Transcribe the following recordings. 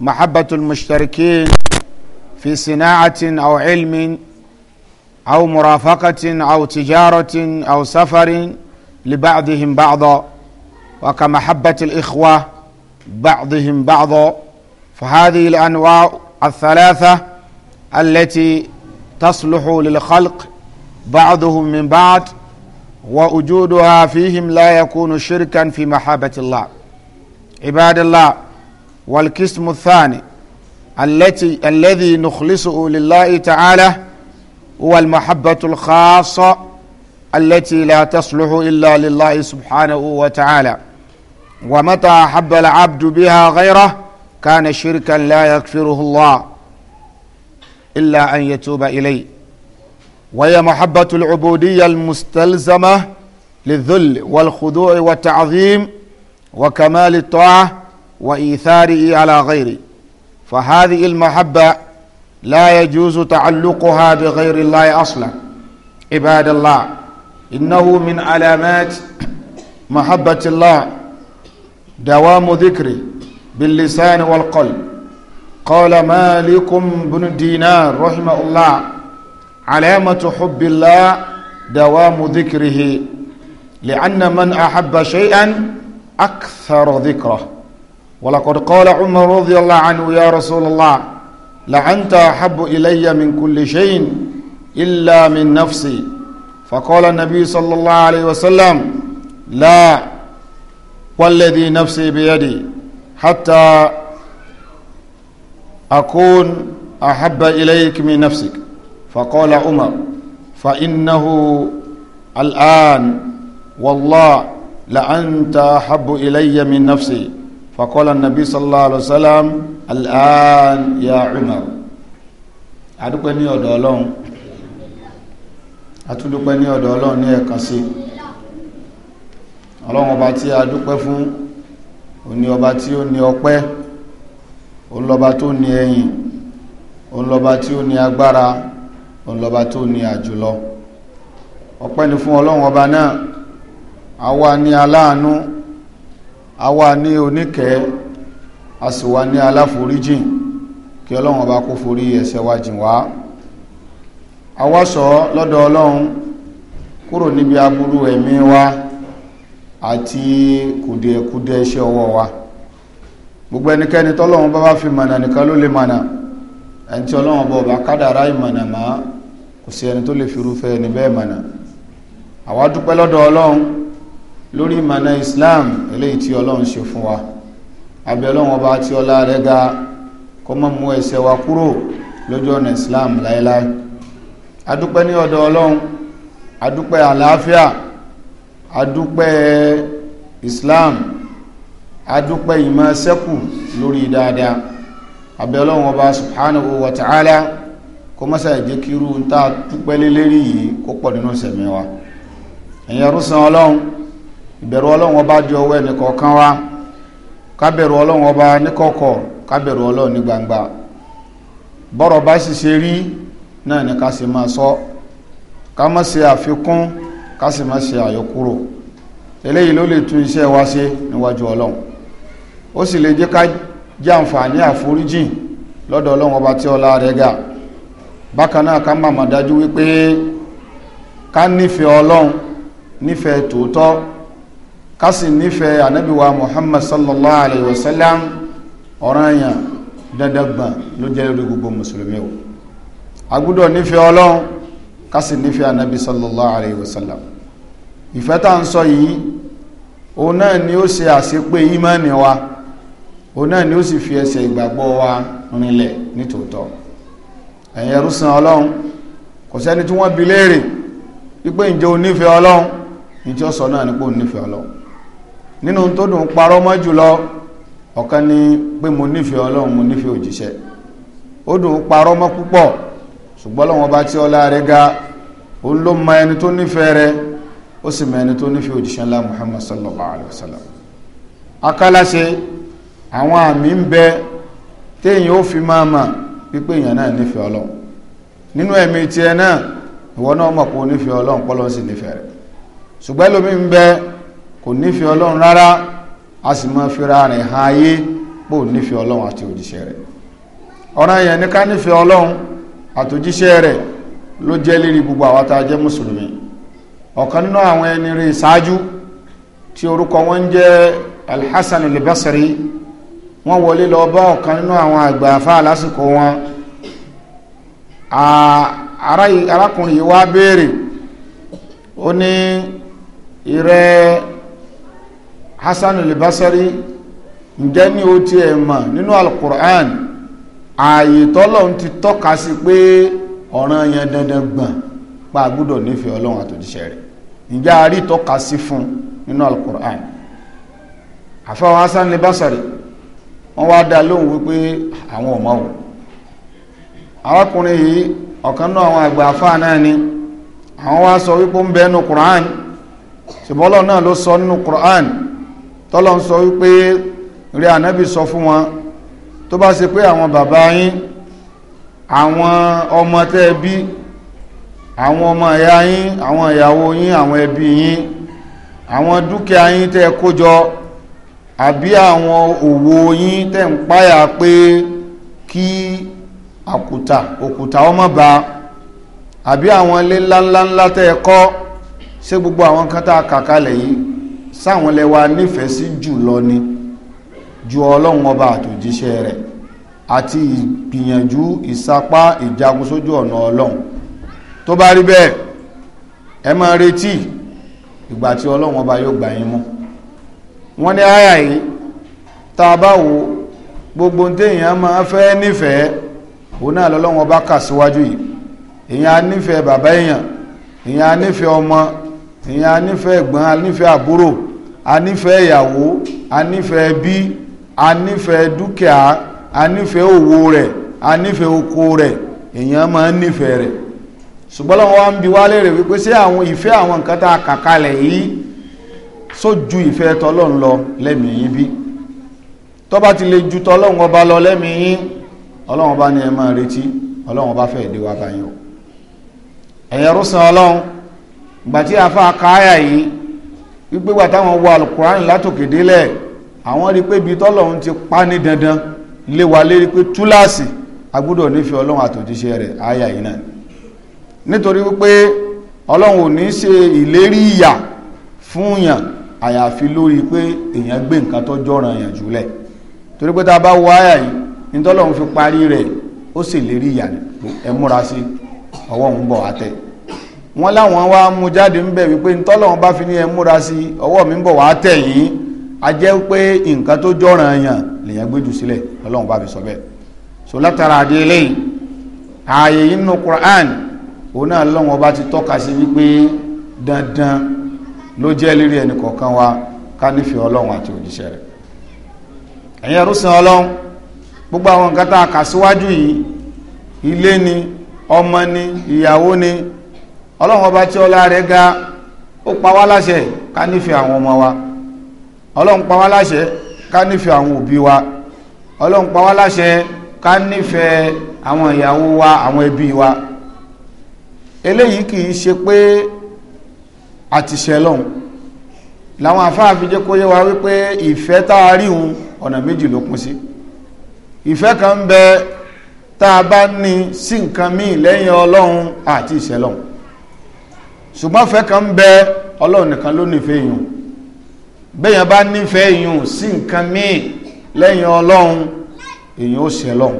محبة المشتركين في صناعة أو علم أو مرافقة أو تجارة أو سفر لبعضهم بعضا وكمحبة الإخوة بعضهم بعضا فهذه الأنواع الثلاثة التي تصلح للخلق بعضهم من بعض ووجودها فيهم لا يكون شركا في محبة الله عباد الله والقسم الثاني التي الذي نخلصه لله تعالى هو المحبة الخاصة التي لا تصلح إلا لله سبحانه وتعالى ومتى أحب العبد بها غيره كان شركا لا يغفره الله إلا أن يتوب إليه وهي محبة العبودية المستلزمة للذل والخضوع والتعظيم وكمال الطاعة وإيثاره على غيره فهذه المحبة لا يجوز تعلقها بغير الله أصلا عباد الله إنه من علامات محبة الله دوام ذكره باللسان والقلب قال مالك بن دينار رحمه الله علامة حب الله دوام ذكره لأن من أحب شيئا أكثر ذكره ولقد قال عمر رضي الله عنه يا رسول الله لعنت أحب إلي من كل شيء إلا من نفسي فقال النبي صلى الله عليه وسلم لا والذي نفسي بيدي حتى أكون أحب إليك من نفسك فقال عمر فإنه الآن والله لأنت أحب إلي من نفسي فقال النبي صلى الله عليه وسلم الآن يا عمر adúpẹ́ ní ọ̀dọ̀ ọlọ́run atúndúpẹ́ ní ọ̀dọ̀ ọlọ́run ní ẹ̀kan sí ọlọ́run ọba tí a dúpẹ́ fún òní ọba tí ó ní ọpẹ́ ònlọba tó ní ẹ̀yìn ònlọba tí ó ní agbára ònlọba tó ní àjùlọ ọpẹ́ ni fún ọlọ́run ọba náà àwa ni aláàánú àwa ní oníkẹ́ a sì wà ní aláforíjìn kí ọlọ́run ọba kó forí ẹ̀ṣẹ̀ wa jìn wá àwa sọ lọ́dọ̀ ọlọ́run kúrò níbi aburú ẹ̀mí wa àti kùdìẹ̀kùdìẹ̀ iṣẹ́ ọwọ́ wa gbogbo ẹnikẹ́ni tọ́lọ́run bá bá fi mànà. nìkan ló lè mọ̀nà ẹni tí ọlọ́run bọ̀ bá kádàrá ìmọ̀nà máa kò sí ẹni tó lè fi ẹni bẹ́ẹ̀ mànà. àwa dúpẹ́ lọ́dọ̀ ọlọ́run lórí ìmọ̀nà islam eléyìí tí ọlọ́run ṣe fún wa abẹ́ ọlọ́run ọba tí ọlá rẹ ga kó mọ mú wa kúrò lójú ọ̀nà islam láéláé adúpẹ́ ní ọ̀dọ̀ ọlọ́run adúpẹ́ àlàáfíà adúpẹ́ islam adúpẹ́ ìmọ̀ sẹ́kù lórí dáadáa abẹ́ ọlọ́run subhanahu wa ta'ala kọ kí irú ń ta dúpẹ́ wa ọlọ́run ìbẹ̀rù ọlọ́run ọba di ọwọ́ ẹnì kọ̀ọ̀kan wa kábẹ̀rù ọlọ́run ọba níkọ̀kọ̀ kábẹ̀rù ọlọ́run ní gbangba bọ́rọ̀ bá sì ṣe rí náà ni ká sì máa sọ ká má ṣe àfikún ká sì má ṣe àyọkúrò eléyìí ló lè tún iṣẹ́ wa ṣe níwájú ọlọ́run ó sì lè jẹ́ ká jẹ́ àǹfààní àforíjìn lọ́dọ̀ ọlọ́run ọba tí ọlá rẹ̀ ga bákan náà ká má má dájú wípé ká nífẹ̀ẹ́ ọlọ́run nífẹ̀ẹ́ tòótọ́ kásì nífẹ̀ẹ́ ànábìwá Muhammad sallallahu alayhi wa sallam ọ̀ranyàn dandangban ló jẹ́ lórí gbogbo mùsùlùmí o agbúdọ̀ nífẹ̀ẹ́ ọlọ́run kásì nífẹ̀ẹ́ ànábì sallallahu alayhi wa sallam ìfẹ́ tá ń sọ yìí òun náà ni ó ṣe àṣepé ìmánì wa òun náà ni ó sì fi ẹsẹ̀ ìgbàgbọ́ wa rinlẹ̀ nítòótọ́ ẹ̀yin ẹrúsàn ọlọ́run kò sẹ́ni tí wọ́n bi léèrè wípé ǹjẹ́ o nífẹ̀ẹ́ ọlọ́run ní tí ó sọ náà nípò nífẹ̀ẹ́ ọlọ́run nínú tó dùn parọ́ mọ́ jùlọ ọ̀kan ni pé mo nífẹ̀ẹ́ ọlọ́run mo nífẹ̀ẹ́ òjíṣẹ́ ó dùn parọ́ mọ́ púpọ̀ ṣùgbọ́n lọ́wọ́n bá tí ọlá rẹ̀ ga òun ló mọ ẹni tó nífẹ̀ẹ́ rẹ̀ ó sì mọ ẹni tó nífẹ̀ẹ́ òjíṣẹ́ ńlá Muhammad sallallahu alayhi wa sallam akálàṣe àwọn àmì ń bẹ téèyàn ó fi máa mà pípé èèyàn náà nífẹ̀ẹ́ ọlọ́run nínú ẹ̀mí tiẹ̀ náà ìwọ náà mọ̀ pé ó nífẹ̀ẹ́ ọlọ́run pọ́lọ́n sì nífẹ̀ẹ́ rẹ̀ ṣùgbọ́n lómi ń bẹ́ẹ̀ kò nífẹ̀ẹ́ ọlọ́run rárá a sì máa fira rẹ̀ ha ayé bó nífẹ̀ẹ́ ọlọ́run àti òjíṣẹ́ rẹ̀ ọ̀ràn yẹn ní ká ọlọ́run àtòjíṣẹ́ ló jẹ́ lérí gbogbo àwa jẹ́ mùsùlùmí ọ̀kan nínú àwọn ẹni rí ṣáájú tí orúkọ wọn jẹ́ alhassan wọ́n wọlé lọ bá ọ̀kan nínú àwọn àgbà lásìkò wọn arákùnrin Hasan al-Basri ǹjẹ́ ní o tiẹ̀ mọ̀ nínú al-Qur'an ààyè tọ́lọ́run ti tọ́ka sí pé ọ̀ràn yẹn dandan gbọ̀n pa gbọ́dọ̀ nífẹ̀ẹ́ ọlọ́run àtòjíṣẹ́ rẹ̀ ǹjẹ́ a tọ́ka sí fún nínú al-Qur'an àfẹ́wọ̀n Hasan al-Basri wọ́n wá dá lóhùn wípé àwọn ọmọ wò arákùnrin yìí ọ̀kan náà àwọn àgbà àfáà náà ni àwọn wá sọ wípé ń bẹ nínú Qur'an ṣùgbọ́n ọlọ́run náà ló sọ nínú Qur'an tọ́lọ́n sọ wípé rí ànábì sọ fún wọn tó bá ṣe pé àwọn bàbá yín àwọn ọmọ tẹ́ bí àwọn ọmọ ìyá yín àwọn ìyàwó yín àwọn ẹbí yín àwọn dúkìá yín tẹ́ kó jọ àbí àwọn òwò yín tẹ́ ń páyà pé kí àkùtà òkùtà ọmọ bá àbí àwọn ilé ńláńláńlá tẹ́ kọ́ ṣé gbogbo àwọn kan tá a kà kalẹ̀ yìí sáwọn lẹ́wà nífẹ̀ẹ́ sí jù lọ ni ju ọlọ́run ọba àtòjíṣẹ́ rẹ̀ àti ìgbìyànjú ìsapá ìjagun sójú ọ̀nà ọlọ́run tó bá rí bẹ́ẹ̀ ẹ máa retí ìgbà tí ọlọ́run ọba yóò gbà yín mú wọ́n ní àyà yìí tá a bá wo gbogbo téèyàn máa fẹ́ nífẹ̀ẹ́ òun náà lọ́lọ́run ọba kà síwájú yìí èèyàn á nífẹ̀ẹ́ bàbá èèyàn èèyàn á nífẹ̀ẹ́ ọmọ èèyàn á nífẹ̀ẹ́ ẹ̀gbọ́n á nífẹ̀ẹ́ àbúrò a nífẹ̀ẹ́ ìyàwó a nífẹ̀ẹ́ ẹbí a nífẹ̀ẹ́ dúkìá a nífẹ̀ẹ́ òwò rẹ̀ a nífẹ̀ẹ́ oko rẹ̀ èèyàn máa ń nífẹ̀ẹ́ rẹ̀ ṣùgbọ́n lọ́wọ́ wa ń bi wálé rẹ̀ wípé ṣé àwọn ìfẹ́ àwọn nǹkan tá a kà kalẹ̀ yìí sójú ìfẹ́ tọlọ́run lọ lẹ́mìí yín bí tó bá ti lè ju tọlọ́run ọba lọ lẹ́mìí yín ọlọ́run ọba ni ẹ máa retí ọlọ́run ọba fẹ́ dé wá báyìí o ẹ̀yẹ rúsan ọlọ́run gbàtí àfa káyà yìí wípé wà táwọn wọ alukuran látòkè délẹ̀ àwọn rí pé ibi tọ́lọ́run ti pa ní dandan lé wa lérí pé túláàsì agbọ́dọ̀ nífẹ̀ẹ́ ọlọ́run àtòjíṣẹ́ rẹ̀ àyà yìí náà nítorí wípé ọlọ́run ò ní ṣe ìlérí ìyà fún yàn àyàfi lórí pé èèyàn gbé nǹkan tó jọ̀ràn yàn jùlẹ̀ torí pé tá a bá wọ àyà yìí ní tọ́lọ́run fi parí rẹ̀ ó sì lérí ìyà ẹ múra sí ọwọ́ òun bọ̀ wá tẹ̀ wọ́n láwọn wá mú jáde ń bẹ̀ wípé ntọ́lọ́wọ́n bá fi ní ẹ múra sí ọwọ́ mi ń bọ̀ wàá tẹ̀ yín a jẹ́ pé nǹkan tó jọ̀ràn yàn lèyàn gbé jù sílẹ̀ ọlọ́run bá fi sọ bẹ́ẹ̀ so látara àdé eléyìí ààyè yìí nínú Quran òun náà lọ́wọ́n ọba ti tọ́ka sí wípé dandan ló jẹ́ lérí ẹnì kọ̀ọ̀kan wa ká nífẹ̀ẹ́ ọlọ́run àti òjíṣẹ́ rẹ̀ ẹ̀yin ẹrúsìn ọlọ́run gbogbo àwọn nǹkan tá a kà síwájú yìí ilé ni ọmọ ni ìyàwó ni ọlọ́run ọba tí ọlá rẹ̀ ga ó pa wá láṣẹ ká nífẹ̀ẹ́ àwọn ọmọ wa ọlọ́run pa wá láṣẹ ká nífẹ̀ẹ́ àwọn òbí wa ọlọ́run pa wá láṣẹ ká nífẹ̀ẹ́ àwọn ìyàwó wa àwọn ẹbí wa eléyìí kì í ṣe pé àtìṣẹ́ lọ́hùn làwọn afáàfin jẹ́ kó yé wa wípé ìfẹ́ tá a rí òun ọ̀nà méjì ló kún sí ìfẹ́ kan ń bẹ tá a bá ní sí nǹkan míì lẹ́yìn ọlọ́run àti ìṣẹ́lọ́hùn ṣùgbọ́n fẹ́ kan ń bẹ ọlọ́run nìkan ló nífẹ̀ẹ́ èèyàn bẹ́yàn bá nífẹ̀ẹ́ èèyàn sí nǹkan míì lẹ́yìn ọlọ́run èèyàn ó ṣe lọ́hun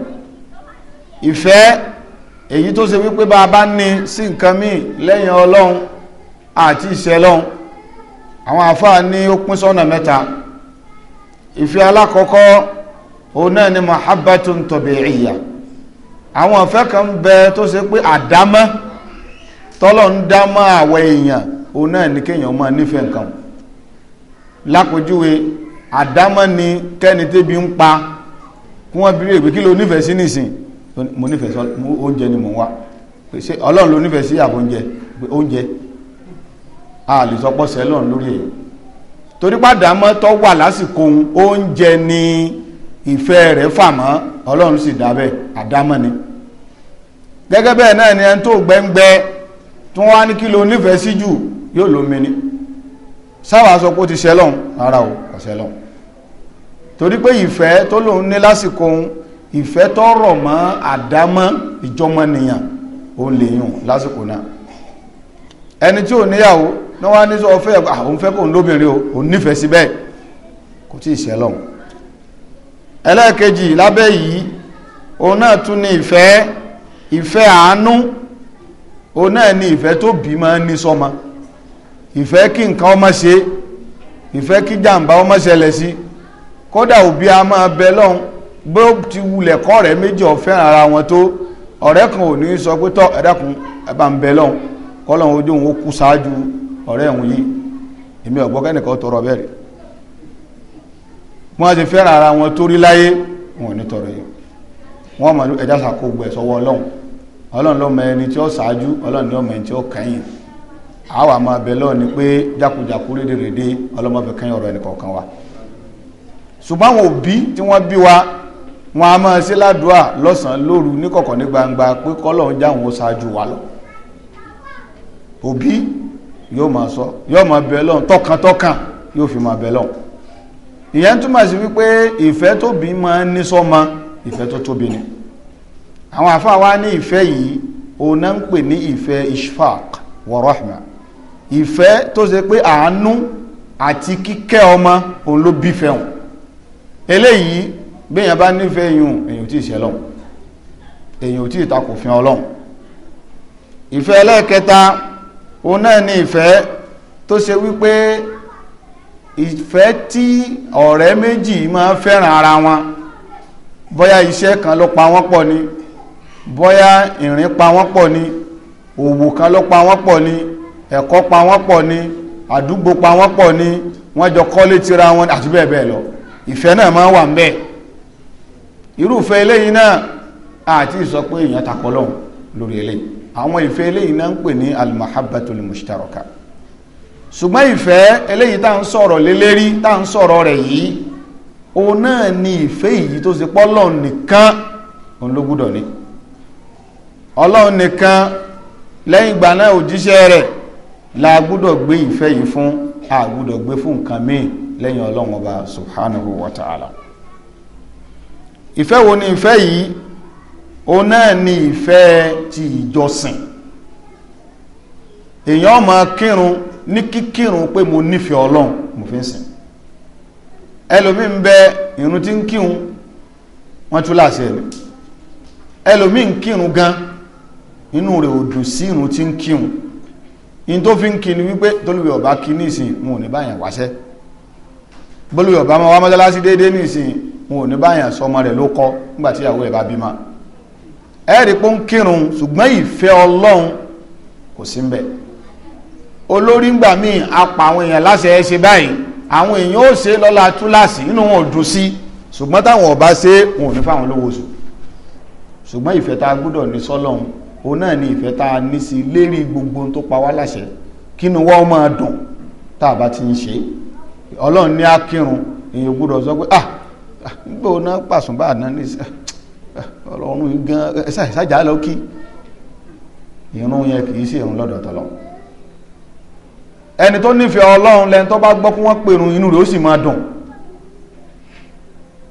ìfẹ́ èyí tó ṣe wípé bá a bá ní sí nǹkan míì lẹ́yìn ọlọ́run àti ìṣe lọ́hun àwọn àfáà ní ó pín sọ́nà mẹ́ta ìfẹ́ alákọ̀ọ́kọ́ òun náà ni mahabbatun tabi'iyya àwọn ìfẹ́ kan ń bẹ tó ṣe pé àdámọ́ tọ́lọ̀ ń dá mọ́ àwọ̀ èèyàn òun náà ní kéèyàn máa nífẹ̀ẹ́ nǹkan lápòjúwe àdámọ́ ni kẹ́ni tébi ń pa kí wọ́n bíi èpè kí ló nífẹ̀ẹ́ sí nìsín mo nífẹ̀ẹ́ sí oúnjẹ ni mò ń wá ṣé ọlọ́run ló nífẹ̀ẹ́ sí àbò oúnjẹ oúnjẹ a lè sọ pọ́sẹ̀ lọ́run lórí èyí torí pàdámọ́ tó wà lásìkò oúnjẹ ni ìfẹ́ rẹ̀ fà mọ́ ọlọ́run sì dábẹ́ àdámọ́ ni gẹ́gẹ́ bẹ́ẹ̀ náà ni ẹni tó gbẹ́ngbẹ́ tí wọ́n wá ní kí ló nífẹ̀ẹ́ sí jù yóò ló mi ní sáwà sọ pé ó ti ṣẹlọ́n ara ò kò ṣẹlọ́n torí pé ìfẹ́ tó lòun ní lásìkò òun ìfẹ́ tó rọ̀ mọ́ àdámọ́ ìjọmọnìyàn òun lè yùn lásìkò náà ẹni tí ò níyàwó ní wọ́n á ní sọ fẹ́ àwọn fẹ́ kóun lóbìnrin ò nífẹ̀ẹ́ sí kò tí ì ṣẹlọ́n ẹlẹ́ẹ̀kejì lábẹ́ yìí òun náà tún ní ìfẹ́ ìfẹ́ àánú o náà ni ìfẹ́ tó bí ma ń ní sọ́mọ ìfẹ́ kí nǹkan ọmọ ṣe ìfẹ́ kí jàǹbá ọmọ ṣẹlẹ̀ sí kódà òbí a máa bẹ lọ́hùn bó ti wulẹ̀ kọ́ ọ̀rẹ́ méjì ọ̀fẹ́ ara wọn tó ọ̀rẹ́ kan ò ní sọ pé tọ́ ẹ dákun ń bẹ lọ́hùn kọ́lọ́hún ojú òun ó kú ṣáájú ọ̀rẹ́ yìí èmi ọ̀gbọ́n kẹ́nìkan bẹ́ẹ̀ wọ́n ti fẹ́ràn ọlọ́run ló mọ ẹni tí ó ṣáájú ọlọ́run ló mọ ẹni tí ó kẹ́yìn àwa máa bẹ lọ́ọ̀ ni pé jákujàku rédèrèdè ọlọ́mọbẹ kẹ́yìn ọ̀rọ̀ ẹnì kọ̀ọ̀kan wa ṣùgbọ́n àwọn òbí tí wọ́n bí wa wọn a máa ṣe ládùúà lọ́sàn-án lóru níkọ̀kọ̀ ní gbangba pé kọ́lọ́run já wọn ṣáájú wa lọ òbí yóò máa sọ yóò máa bẹ lọ́ọ̀ tọkàntọkàn yóò fi máa bẹ lọ́ọ̀ ìyẹn túmọ̀ sí wípé ìfẹ́ tóbi máa ń ní sọ́mọ ìfẹ́ tó tóbi ni àwọn àfáà wa ní ìfẹ́ yìí òun náà ń pè ní ìfẹ́ ishfaq wa rahma ìfẹ́ tó ṣe pé àánú àti kíkẹ́ ọmọ òun ló bí fẹ́ wọn eléyìí béèyàn bá nífẹ̀ẹ́ yùn èyàn ò tí ì ṣe lọ́hùn èyàn ò tí ì takò fi ọlọ́hùn ìfẹ́ ẹlẹ́ẹ̀kẹta òun náà ni ìfẹ́ tó ṣe wípé ìfẹ́ tí ọ̀rẹ́ méjì máa fẹ́ràn ara wọn bóyá iṣẹ́ kan ló pa wọ́n pọ̀ ni bóyá ìrìn pa wọ́n pọ̀ ni òwò kan ló pa wọ́n pọ̀ ni ẹ̀kọ́ pa wọ́n pọ̀ ni àdúgbò pa wọ́n pọ̀ ni wọ́n jọ kọ́lé tira wọn àti bẹ́ẹ̀ bẹ́ẹ̀ lọ ìfẹ́ náà máa ń wà ń bẹ́ẹ̀ irúfẹ́ eléyìí náà àti sọ pé èèyàn takọ lọ́hùn lórí eléyìí àwọn ìfẹ́ eléyìí náà ń pè ní almahabbatul mushtaraka ṣùgbọ́n ìfẹ́ eléyìí tá ń sọ̀rọ̀ lélẹ́rí tá ń sọ̀rọ̀ rẹ̀ yìí òun náà ni ìfẹ́ yìí tó ṣe pọ́lọ̀ nìkan òun ló gbúdọ̀ ni. ọlọ́run nìkan lẹ́yìn ìgbà náà òjíṣẹ́ rẹ̀ la gbúdọ̀ ìfẹ́ yìí fún a gbúdọ̀ fún nǹkan míì lẹ́yìn ọlọ́run ọba subhanahu wa ta'ala ìfẹ́ wo ni ìfẹ́ yìí o náà ni ìfẹ́ ti ìjọsìn èèyàn kírun ní kíkírun pé mo nífẹ̀ẹ́ ọlọ́run mo fi ń sìn bẹ irun tí ń kírun wọ́n gan inú rẹ̀ ò dùn sí irun tí ń kírun in tó fi ń kí ni wípé tólúwẹ̀ ọ̀bá kí ní ìsìn wọn ò ní báyàn wáṣẹ́ bólúwẹ̀ ọ̀bá máa wá mọ́sálásí déédéé ní ìsìn wọn ò ní báyàn sọmọ rẹ̀ ló kọ́ nígbà tí ìyàwó ẹ̀ bá bímọ ẹ̀rí pé ń kírun ṣùgbọ́n ìfẹ́ ọlọ́run kò sí ń bẹ̀ olórí ńgbà míì apà àwọn èèyàn láṣẹ ẹ ṣe báyìí àwọn èèyàn ó ṣe lọ́la túláàsì inú wọn ò dùn sí ṣùgbọ́n táwọn ọba òun náà ni ìfẹ́ tá a ní sí lérí gbogbo tó pa wá láṣẹ kínú wọ́n máa dùn tá a bá ti ń ṣe ọlọ́run ní akírun èèyàn gbọ́dọ̀ sọ pé ah, ah nígbà òun náà pàṣùn bá àná ní ah, ah, ọlọ́run gan ṣàjà lọ kí ìrun yẹn kì í sí ìrun lọ́dọ̀ tọ́lọ́ ẹni tó nífẹ̀ẹ́ ọlọ́run lẹni tó bá gbọ́ kí wọ́n pèrun inú rẹ̀ ó sì máa dùn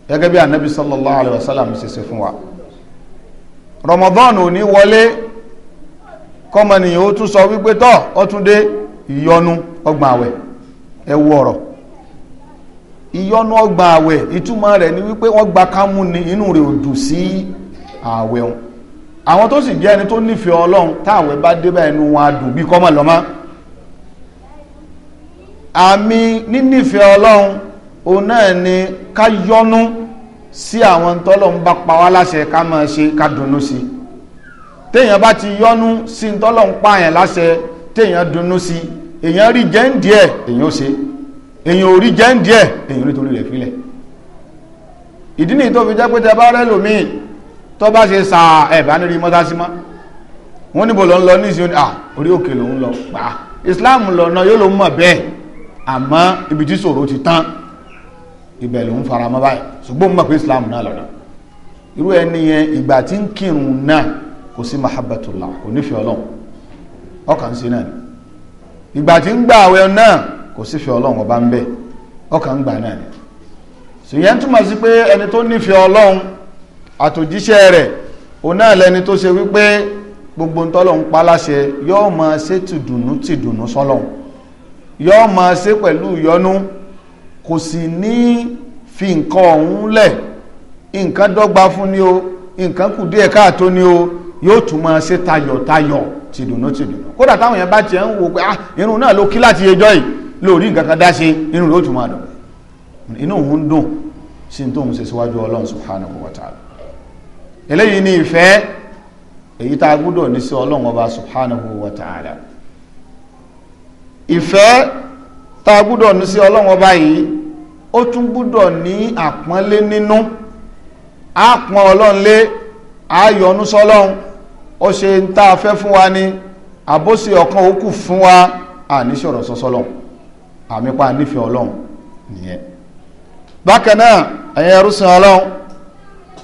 gẹ́gẹ́ bí anabi sallallahu alayhi wa sallam ṣe ṣe fún wa ramadan ò ní wọlé kọ́mọnìyàn ó tún sọ wípé tọ́ ọ tún dé ìyọnu ọgbà àwẹ̀ ẹ wo ọ̀rọ̀ ìyọnu ọgbà àwẹ̀ ìtumọ̀ rẹ̀ ni wípé wọ́n gba kámú ni inú rẹ̀ ò dùn sí àwẹ̀ wọn àwọn tó sì jẹ́ ẹni tó nífẹ̀ẹ́ ọlọ́run táwẹ̀ bá dé ẹnu wọn adùn bí kọ́mọ̀ lọ́mọ́ àmì nínífẹ̀ẹ́ ọlọ́run òun náà ni ká yọnu sí àwọn tọ́lọ́run bá pa wá láṣẹ ká máa ṣe ká dunnú sí i téèyàn bá ti yọ́nú sí ń tọ́lọ̀ ń pààyàn láṣẹ téèyàn dunnú sí èèyàn rí jẹ́ ń díẹ̀ èèyàn ó ṣe èèyàn ò rí jẹ́ ń díẹ̀ èèyàn nítorí rẹ̀ filẹ̀ ìdí nìyí tó fi jẹ́ pé tẹ bá rẹ́ lòmíì tó bá ṣe sa ẹ̀bá nírí mọ́tásímọ́ wọ́n níbo lọ ń lọ ní ìsìn ah orí òkè lòún lọ pa Islam lọ́nà yóò lòún mọ̀ bẹ́ẹ̀ àmọ́ ibi tí ṣòro ti tán ibẹ̀ lòún fara mọ́ báyìí ṣùgbọ́n mọ̀ pé Islam náà lọ́nà irú ẹni yẹn ìgbà tí ń kírun náà kò sí mahabbatullah kò nífẹ̀ẹ́ ọlọ́run ọkàn sí náà ni ìgbà tí ń gbà àwẹ̀ náà kò sífẹ̀ẹ́ ọlọ́run ọba ń bẹ ọkàn ń gbà náà ni ṣùgbọ́n túmọ̀ sí pé ẹni tó nífẹ̀ẹ́ ọlọ́run àtòjíṣẹ́ rẹ̀ òun náà lẹni tó ṣe wípé gbogbo ń tọ́lọ̀ ń pa láṣẹ yóò máa ṣe tìdùnnú tìdùnnú sọ́lọ́run yóò máa ṣe pẹ̀lú ìyọnú kò sì ní fi nǹkan ọ̀hún lẹ̀ nǹkan dọ́gba fún ni o nǹkan kù díẹ̀ káàtó ni o yóò tún máa ṣe tayọ̀tayọ̀ tìdùnú tìdùnú kódà táwọn yẹn bá tiẹ̀ ń wo pé ah irun náà ló kí láti ẹjọ́ yìí lórí nǹkan kan dá ṣe irun ló tún máa dùn inú òun dùn sí ní tóun ṣe síwájú ọlọ́run subhanahu wa ta'ala eléyìí ni ìfẹ́ èyí tá a gbúdọ̀ ní sí ọlọ́run ọba subhanahu wa ta'ala ìfẹ́ tá a gbúdọ̀ ní sí ọlọ́run ọba yìí ó tún gbúdọ̀ ní àpọ́nlé nínú àpọ́n ọlọ́run lé ayọ̀nú sọ́lọ́hun ó ṣe ń tá a fẹ́ fún wa ní àbóṣe ọ̀kan òkú fún wa àníṣọ̀rọ̀ sọ́sọ́lọ́hun àmípa nífẹ̀ẹ́ ọlọ́hun nìyẹn bákan náà ẹ̀yẹn ẹrúsìn ọlọ́hun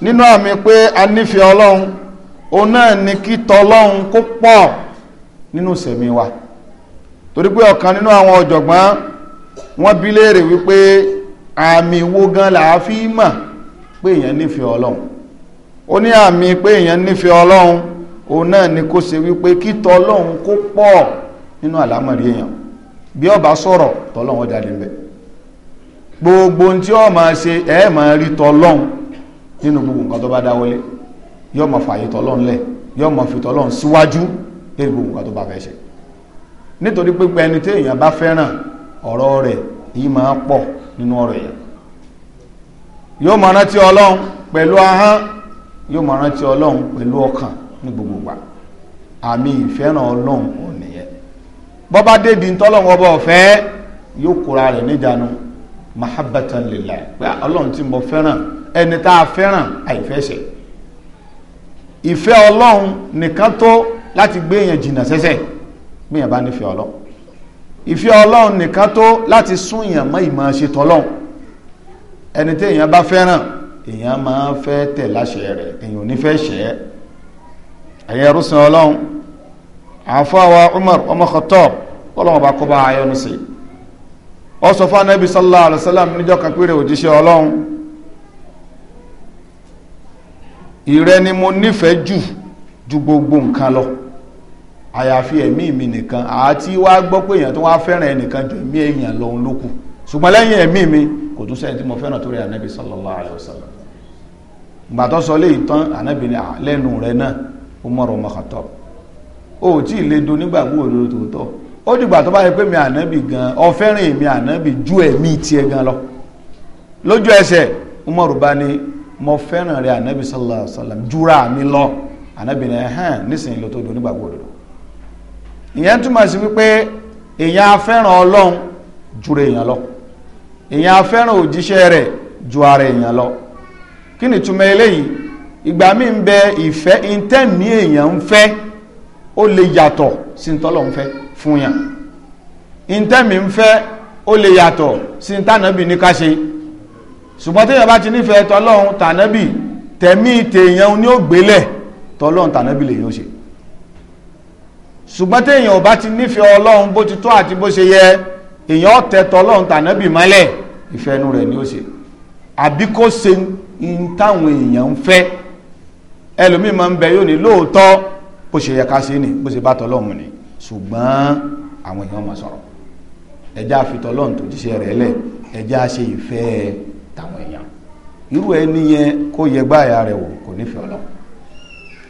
nínú àmì pé a nífẹ̀ẹ́ ọlọ́hun òun náà ni kí kó pọ̀ nínú wa torí pé ọ̀kan nínú àwọn ọ̀jọ̀gbọ́n wọ́n bi léèrè wípé àmì wo gan ó ní àmì pé èèyàn nífẹ̀ẹ́ ọlọ́run òun náà ni kó ṣe wípé kí tọlọ́run kó pọ̀ nínú àlámọ̀rí èèyàn bí ó bá sọ̀rọ̀ tọlọ́run jáde ń bẹ gbogbo ohun tí ó máa ṣe ẹ máa rí tọlọ́run nínú gbogbo nǹkan tó bá dáwọlé yóò máa fààyè tọlọ́run lẹ̀ yóò máa fi tọlọ́run síwájú lórí gbogbo nǹkan tó bá fẹ́ ṣe nítorí pé pẹ́ni tí èèyàn bá fẹ́ràn ọ̀rọ̀ rẹ̀ yìí máa pọ̀ nínú ọ̀rọ̀ èèyàn yóò máa rántí ọlọ́run pẹ̀lú ahọ́n yóò máa rántí ọlọ́run pẹ̀lú ọkàn ní gbogbo gbà àmì ìfẹ́ràn ọlọ́run ò nìyẹn bọ́bá débi ntọ́lọ́run ọba ọ̀fẹ́ yóò kóra rẹ̀ níjànú mahabbatan lillah pé ọlọ́run tí mo fẹ́ràn ẹni tá a fẹ́ràn àìfẹ́sẹ̀ ìfẹ́ ọlọ́run nìkan tó láti gbé èèyàn jìnnà sẹ́sẹ̀ bí èèyàn bá nífẹ̀ẹ́ ọlọ́run ìfẹ́ ọlọ́run nìkan tó láti sún èèyàn mọ́ ìmọ̀ ṣe tọ́lọ́run ẹni tí èèyàn bá fẹ́ràn èèyàn máa ń fẹ́ tẹ̀ láṣẹ rẹ̀ èèyàn ò ní fẹ́ ṣẹ́ ẹ̀yẹ rúṣin ọlọ́run àfọwà Umar ọmọ Khattab ọlọ́run bá kọ́ bá ayọ́nu sí ọ sọ fún anábì sallallahu alaihi wasallam níjọ́ kan péré òjíṣẹ́ ọlọ́run ìrẹ ni mo nífẹ̀ẹ́ jù ju gbogbo nǹkan lọ àyàfi ẹ̀mí mi nìkan àti wá gbọ́ pé èèyàn tó wá fẹ́ràn ẹnìkan ju ẹ̀mí èèyàn lọ́hun lókù ṣùgbọ́n lẹ́yìn ẹ̀mí mi kò tún sẹ́yìn tí mo fẹ́ràn tó rí ànábì sallallahu alayhi wa sallam ìgbà tó sọ léyìí tán ànábì ní lẹ́nu rẹ̀ náà Umar ọmọ Khattab o ò tí ì lè do nígbàgbọ́ òdodo tòótọ́ ó dìgbà tó bá yẹ pé mi ànábì gan ó fẹ́ràn ànábì ju ẹ̀mí tiẹ̀ gan lọ lójú ẹsẹ̀ Umar bá ní mo fẹ́ràn rẹ̀ ànábì sallallahu jura mi lọ ànábì ní ẹ̀hán nísìnyí ló tó do nígbàgbọ́ òdodo ìyẹn túmọ̀ sí wípé èèyàn afẹ́ràn Ọlọ́run jura èèyàn lọ èyàn afẹ́ràn òjíṣẹ́ rẹ̀ ju ara èyàn lọ kí ni túmọ̀ eléyìí ìgbà mi ń bẹ ìfẹ́ intẹ́ẹ̀mí èyàn ń fẹ́ ó lè yàtọ̀ sí ntọ́lọ̀ ń fẹ́ fún yàn intẹ́ẹ̀mí ń fẹ́ ó lè yàtọ̀ sí ntànàbì ní ká ṣe ṣùgbọ́n téèyàn bá ti nífẹ̀ẹ́ tọ́lọ́hún tànàbì tẹ̀mí tèèyàn ní ó gbélẹ̀ tọ́lọ́hún tànàbì lèyàn ó ṣe ṣùgbọ́n téèyàn ò ti nífẹ̀ẹ́ ọlọ́hun bó ti tó àti bó ṣe yẹ èèyàn tẹ̀tọ̀ ọlọ́run tànábì mọ́lẹ̀ ìfẹ́nu rẹ̀ ni ó ṣe àbí kó ṣe ń táwọn èèyàn ń fẹ́ ẹlòmíì máa ń bẹ yóò ní lóòótọ́ bó ṣe yẹ ká ṣe ni bó ṣe bá tọ́lọ́run ni ṣùgbọ́n àwọn èèyàn máa sọ̀rọ̀ ẹjá àfitọ́lọ́run tó jíṣẹ́ rẹ̀ lẹ̀ ẹjá ṣe ìfẹ́ táwọn èèyàn irú ẹni yẹn kó yẹ gbáàyà rẹ̀ wò kò nífẹ̀ẹ́ ọlọ́run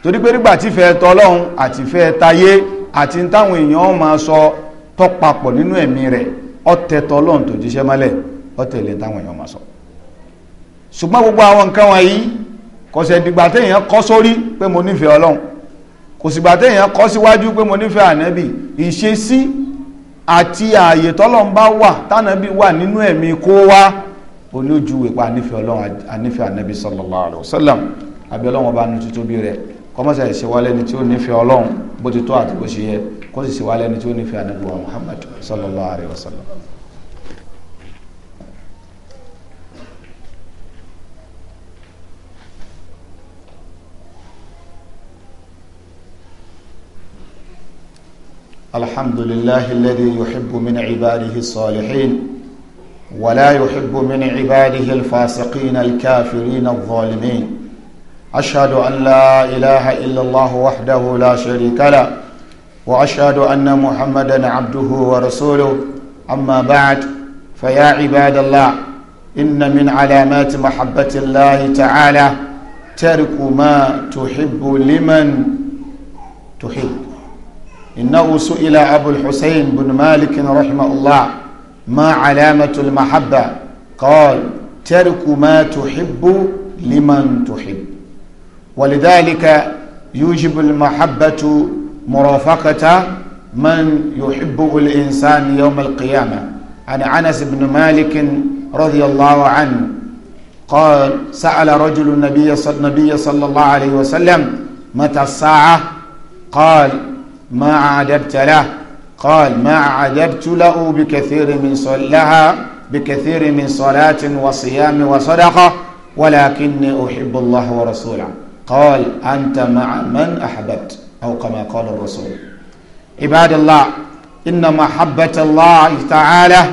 torí pé nígbà tí fẹ́ tọ́lọ́run àti fẹ́ tayé àti táwọn èèyàn máa sọ tọ́papọ̀ nínú ẹ̀mí rẹ̀ ọ̀tẹ̀tọ̀ ọlọ́run tó jíṣẹ́ mọ́lẹ̀ ọ̀tẹ̀lẹ̀ táwọn èèyàn máa sọ ṣùgbọ́n gbogbo àwọn nǹkan wọ̀nyí kò sì dìgbà téèyàn kọ́ sórí pé mo nífẹ̀ẹ́ ọlọ́run kò sìgbà téèyàn kọ́ síwájú pé mo nífẹ̀ẹ́ ànábì ìṣesí àti ààyè tọ́lọ́run bá wà tánàbì wà nínú ẹ̀mí kó wá olójú ìpa ànífẹ̀ẹ́ ọlọ́run ànífẹ̀ẹ́ ànábì sallallahu alaihi wasallam àbí ọlọ́run bá nu títóbi rẹ̀ kọmọsẹ ìṣèwálẹni tí ó nífẹ̀ẹ́ Ọlọ́run bó ti tó àti bó ṣe yẹ kó sì ṣèwálẹni tí ó nífẹ̀ẹ́ Ànábì wa sallallahu alayhi wa sallam. الحمد لله الذي يحب من عباده الصالحين ولا يحب من عباده الفاسقين الكافرين الظالمين أشهد أن لا إله إلا الله وحده لا شريك له وأشهد أن محمدا عبده ورسوله أما بعد فيا عباد الله إن من علامات محبة الله تعالى ترك ما تحب لمن تحب إنه سئل أبو الحسين بن مالك رحمه الله ما علامة المحبة قال ترك ما تحب لمن تحب ولذلك يوجب المحبة مرافقة من يحبه الإنسان يوم القيامة عن أنس بن مالك رضي الله عنه قال سأل رجل النبي صلى النبي صلى الله عليه وسلم متى الساعة قال ما عجبت له قال ما عجبت له بكثير من صلاها بكثير من صلاة وصيام وصدقة ولكني أحب الله ورسوله قال أنت مع من أحببت أو كما قال الرسول عباد الله إن محبة الله تعالى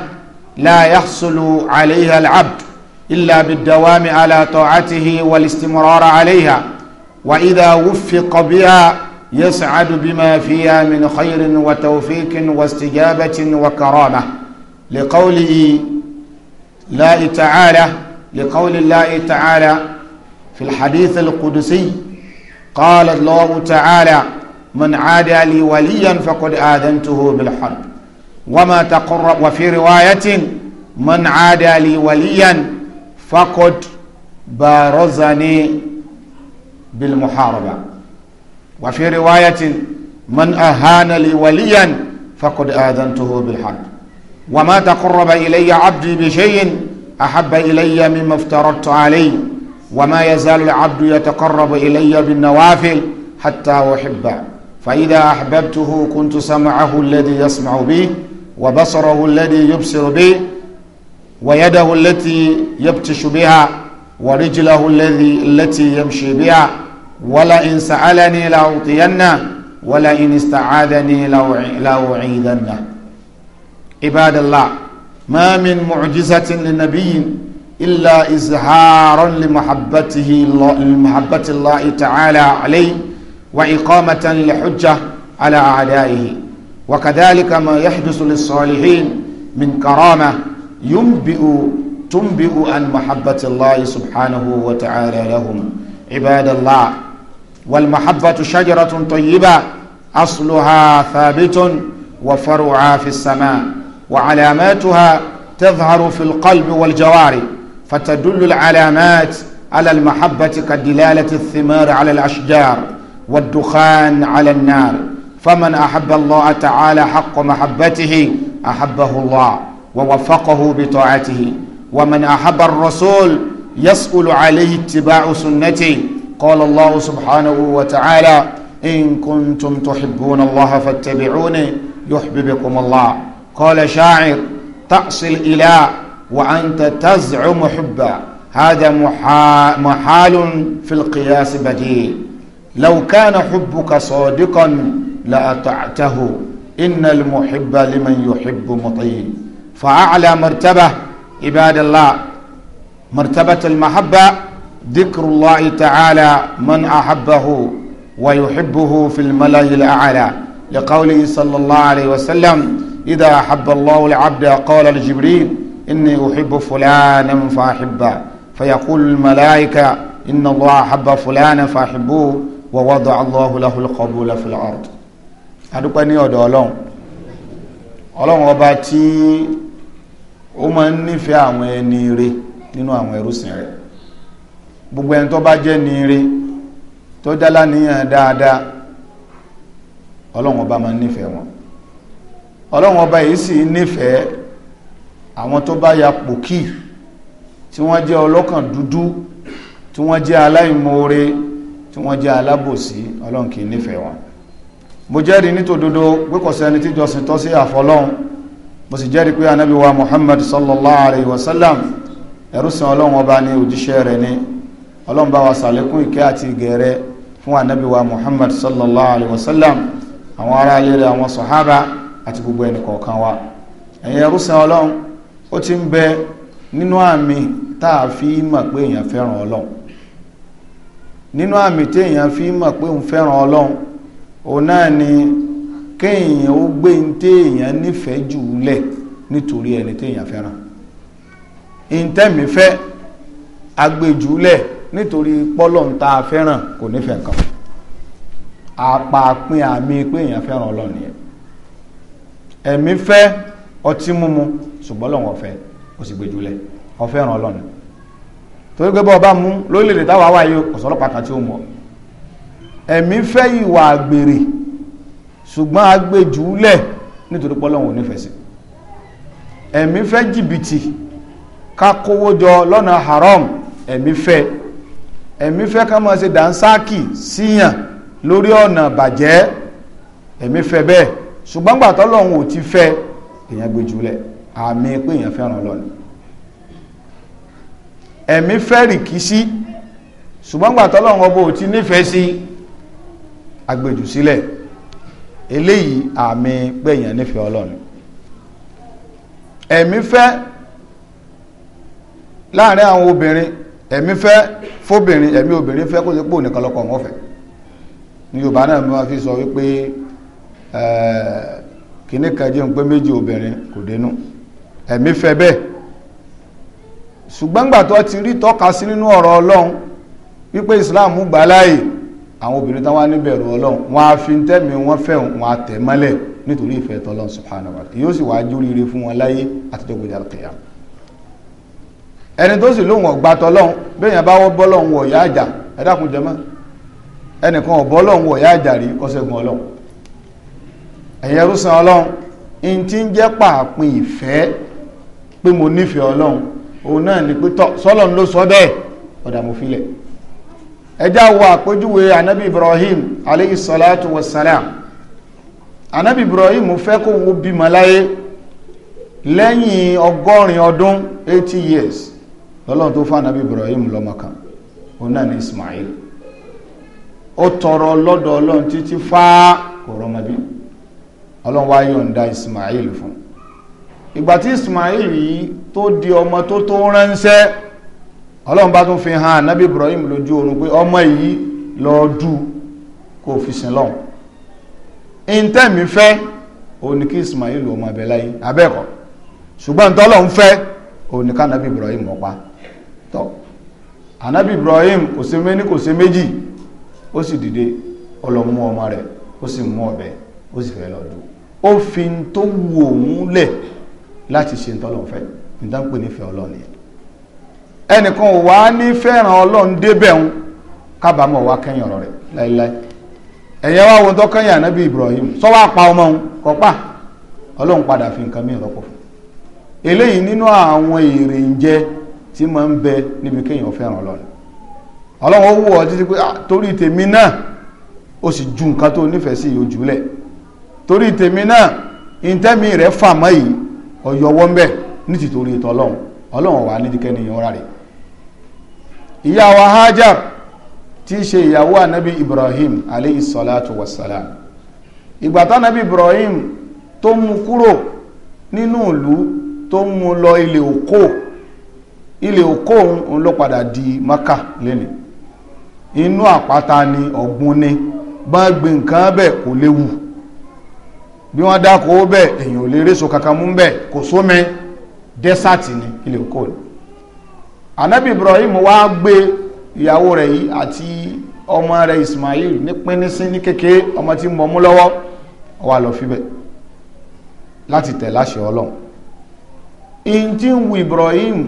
لا يحصل عليها العبد إلا بالدوام على طاعته والاستمرار عليها وإذا وفق بها يسعد بما فيها من خير وتوفيق واستجابة وكرامة لقوله لا تعالى لقول الله تعالى في الحديث القدسي قال الله تعالى من عادى لي وليا فقد آذنته بالحرب وما تقرب وفي رواية من عادى لي وليا فقد بارزني بالمحاربة وفي رواية من أهان لي وليا فقد آذنته بالحرب وما تقرب إلي عبدي بشيء أحب إلي مما افترضت عليه وما يزال العبد يتقرب إلي بالنوافل حتى أحبه فإذا أحببته كنت سمعه الذي يسمع به وبصره الذي يبصر به ويده التي يبتش بها ورجله الذي التي يمشي بها ولئن سألني لأعطينه ولئن استعاذني لأعيذنه عباد الله ما من معجزة لنبي إلا إزهارا لمحبته لمحبة الله تعالى عليه وإقامة لحجة على أعدائه وكذلك ما يحدث للصالحين من كرامة ينبئ تنبئ عن محبة الله سبحانه وتعالى لهم عباد الله والمحبة شجرة طيبة أصلها ثابت وفرعها في السماء وعلاماتها تظهر في القلب والجوارح فتدل العلامات على المحبة كدلالة الثمار على الأشجار والدخان على النار فمن أحب الله تعالى حق محبته أحبه الله ووفقه بطاعته ومن أحب الرسول يسأل عليه اتباع سنته قال الله سبحانه وتعالى إن كنتم تحبون الله فاتبعوني يحببكم الله قال شاعر تعصي الإله وأنت تزعم حبه هذا محال في القياس بديل لو كان حبك صادقا لأطعته إن المحب لمن يحب مطيع فأعلى مرتبة عباد الله مرتبة المحبة ذكر الله تعالى من أحبه ويحبه في الملأ الأعلى لقوله صلى الله عليه وسلم إذا أحب الله العبد قال لجبريل inni uhibbu fulanan fahibba fayaqulu malaika inna Allah ahabba fulanan fahibbu wa wada Allahu lahul qabula fil ard adúpẹ́ ní ọ̀dọ̀ ọlọ́run ọlọ́run ọba tí ó máa ń nífẹ̀ẹ́ àwọn ẹni ire nínú àwọn ẹrúsìn rẹ̀ gbogbo ẹni tó bá jẹ́ ni ire tó dá láníyàn dáadáa ọlọ́run ọba máa ń nífẹ̀ẹ́ wọn ọlọ́run ọba yìí sì nífẹ̀ẹ́ àwọn tó bá ya pòkì tí wọ́n jẹ́ ọlọ́kàn dúdú tí wọ́n jẹ́ aláìmoore tí wọ́n jẹ́ alábòsí ọlọ́run kì í nífẹ̀ẹ́ wọn mo jẹ́rìí nítòdodo pé kò sẹ́ni tí jọsìn tọ́ sí àfọlọ́run mo sì jẹ́rìí pé anábì wa muhammad sallallahu alayhi wa sallam ẹrú sin ọlọ́run ọba ní òjíṣẹ́ rẹ̀ ni ọlọ́run bá wa sàlékún ìkẹ́ àti ìgẹ̀rẹ́ fún anábì wa muhammad sallallahu alayhi wa sallam àwọn ará ilé rẹ̀ àwọn sàhábà àti gbogbo ẹnì kọ̀ọ̀kan wa ẹ̀yin ẹrú ọlọ́run ó ti ń bẹ nínú àmì tá a fi mọ̀ pé èèyàn fẹ́ràn ọlọ́run nínú àmì tí èèyàn fi mọ̀ pé òun fẹ́ràn ọlọ́run òun náà ni kéèyàn ó gbé ní téèyàn nífẹ̀ẹ́ jù lẹ̀ nítorí ẹni téèyàn fẹ́ràn ìǹtẹ́mi fẹ́ agbèjù lẹ̀ nítorí pọ́lọ̀ ń ta fẹ́ràn kò nífẹ̀ẹ́ kan àpapin àmì pé èèyàn fẹ́ràn ọlọ́run yẹn ẹ̀mí fẹ́ ọtí mímu ṣùgbọ́n lọ́wọ́ ọ̀fẹ́ ó sì gbẹjúlẹ̀ ọ̀fẹ́ ràn ọlọ́run torí pé bọ́ ọba mú lórílẹ̀ táwa wáyé kò sọ́lọ́pàá tí ó mọ̀ ẹ̀mí fẹ́ ìwà àgbèrè ṣùgbọ́n nítorí pé sí ẹ̀mí fẹ́ ọ̀nà bàjẹ́ ẹ̀mí fẹ́ bẹ́ẹ̀ èèyàn gbé jùlẹ̀ àmì pé èèyàn fẹ́ràn lọ́nà ẹ̀mí fẹ́rì kì sí ṣùgbọ́n gbà tọ́lọ́run ọbọ̀ ò ti nífẹ̀ẹ́ sí agbèjù sílẹ̀ eléyìí àmì pé èèyàn nífẹ̀ẹ́ Ọlọ́run ẹ̀mí fẹ́ láàrin àwọn obìnrin ẹ̀mí fẹ́ fóbìnrin ẹ̀mí obìnrin fẹ́ kó ṣe pò nìkan lọ́kọ wọn fẹ́ ní Yorùbá náà mi wá fi sọ wípé ẹ̀ẹ́ kìíní kan jẹun pé méjì obìnrin kò dénú ẹ̀mí fẹ́ bẹ́ẹ̀ ṣùgbọ́n gbà tó ti rí tọ́ka sí nínú ọ̀rọ̀ ọlọ́run wípé islam gbà láàyè àwọn obìnrin táwọn níbẹ̀rù ọlọ́run wọn á fi tẹ́mi wọn fẹ́ wọn á tẹ̀ mọ́lẹ̀ nítorí ìfẹ́ tọ́lọ́run subhanahu wa ta'ala yóò sì wáá júrire fún wọn láyé àtijọ́ gbèdé àlùkìyà ẹni tó sì lóhùn ọ̀gbà tọ́lọ́run bẹ́ẹ̀yàn bá wọ́ bọ́lọ́run wọ̀ yá àjà ẹ dákun jẹ́mọ́ ẹnìkan ọ̀bọ́lọ́run wọ̀ yá àjà rí kọ́sẹ́gun ọlọ́run ẹ̀yẹ rúsan ọlọ́run in ti ń jẹ́ pàápín ìfẹ́ pé mo nífẹ̀ẹ́ ọlọ́run òun náà ni pé tọ́ sọ́lọ́run ló sọ bẹ́ẹ̀ ọ̀dà mo filẹ̀ ẹjá wo àpéjúwe anabi ibrahim aleyhi salatu wa salam anabi ibrahim fẹ́ kó wo bímọ láyé lẹ́yìn ọgọ́rin ọdún 80 years lọ́lọ́run tó fún anabi ibrahim lọ́mọ kan òun náà ni ismail ó tọrọ lọ́dọ̀ ọlọ́run títí fáá kò rọmọ bíi ọlọ́run wá yọ̀ǹda Ismail fún ìgbà tí Ismail yìí tó di ọmọ tó tó ránṣẹ́ ọlọ́run bá tún fi hàn ànábì Ibrahim lójú oorun pé ọmọ yìí lọ dù kó fi sin lọ́hùn ìntẹ́mi fẹ́ òun ni kí Ismail ọmọ abẹ láyé abẹ́ẹ̀kọ́ ṣùgbọ́n tọ́lọ́run fẹ́ òun ni ká ànábì Ibrahim ọ̀pá tọ́ ànábì Ibrahim kò ṣe méní kò ṣe méjì ó sì dìde ọlọ́mú ọmọ rẹ̀ ó sì mú ọ̀bẹ ó sì fẹ́ lọ ó fi tó wu òun lẹ̀ láti ṣe ntọ́lọ́fẹ́ ìdánpẹ́ nífẹ̀ẹ́ ọlọ́ni ẹnìkan ò wá ní fẹ́ràn ọlọ́run débẹ̀ ń kábàámọ̀ wá kẹ́yìn ọ̀rọ̀ rẹ̀ wá wọn tó ànábì Ibrahim sọ́wọ́ apá ọmọ òun kọ́pà ọlọ́run padà fi nǹkan nínú àwọn èrè ń jẹ tí máa ń bẹ níbi ọlọ́run ọlọ́run ah, náà ó sì ju torí tèmi náà ìtẹ́mi rẹ̀ fàmọ́ yìí ọ̀yọ̀wọ́ ń bẹ̀ ní tìtorí ìtọ́ ọlọ́run ọlọ́run wà nídìíkẹ́ ni ìyọ̀n rárẹ̀ ìyá wa Hajar tí ṣe ìyàwó ànábì Ibrahim aleyhi salatu wassalam ìgbà tánábì Ibrahim tó mú kúrò nínú ìlú tó mú lọ ilé òkó ilé òkó òun ló padà di Maka lẹ́nìí inú àpáta ni ọ̀gbun ni bá gbin nǹkan bẹ́ẹ̀ kò léwu bí wọ́n dákò ó èyàn ò lè réso kankan mú bẹ̀ kò dẹ́sàtì ni ilẹ̀ òkò ni anabi ibrahim wá gbé ìyàwó rẹ̀ yìí àti ọmọ rẹ̀ ismail ní pínísín ní kékeré ọmọ tí ń bọ̀ mú lọ fíbẹ̀ láti tẹ̀ láṣẹ ọlọ́run in ń ibrahim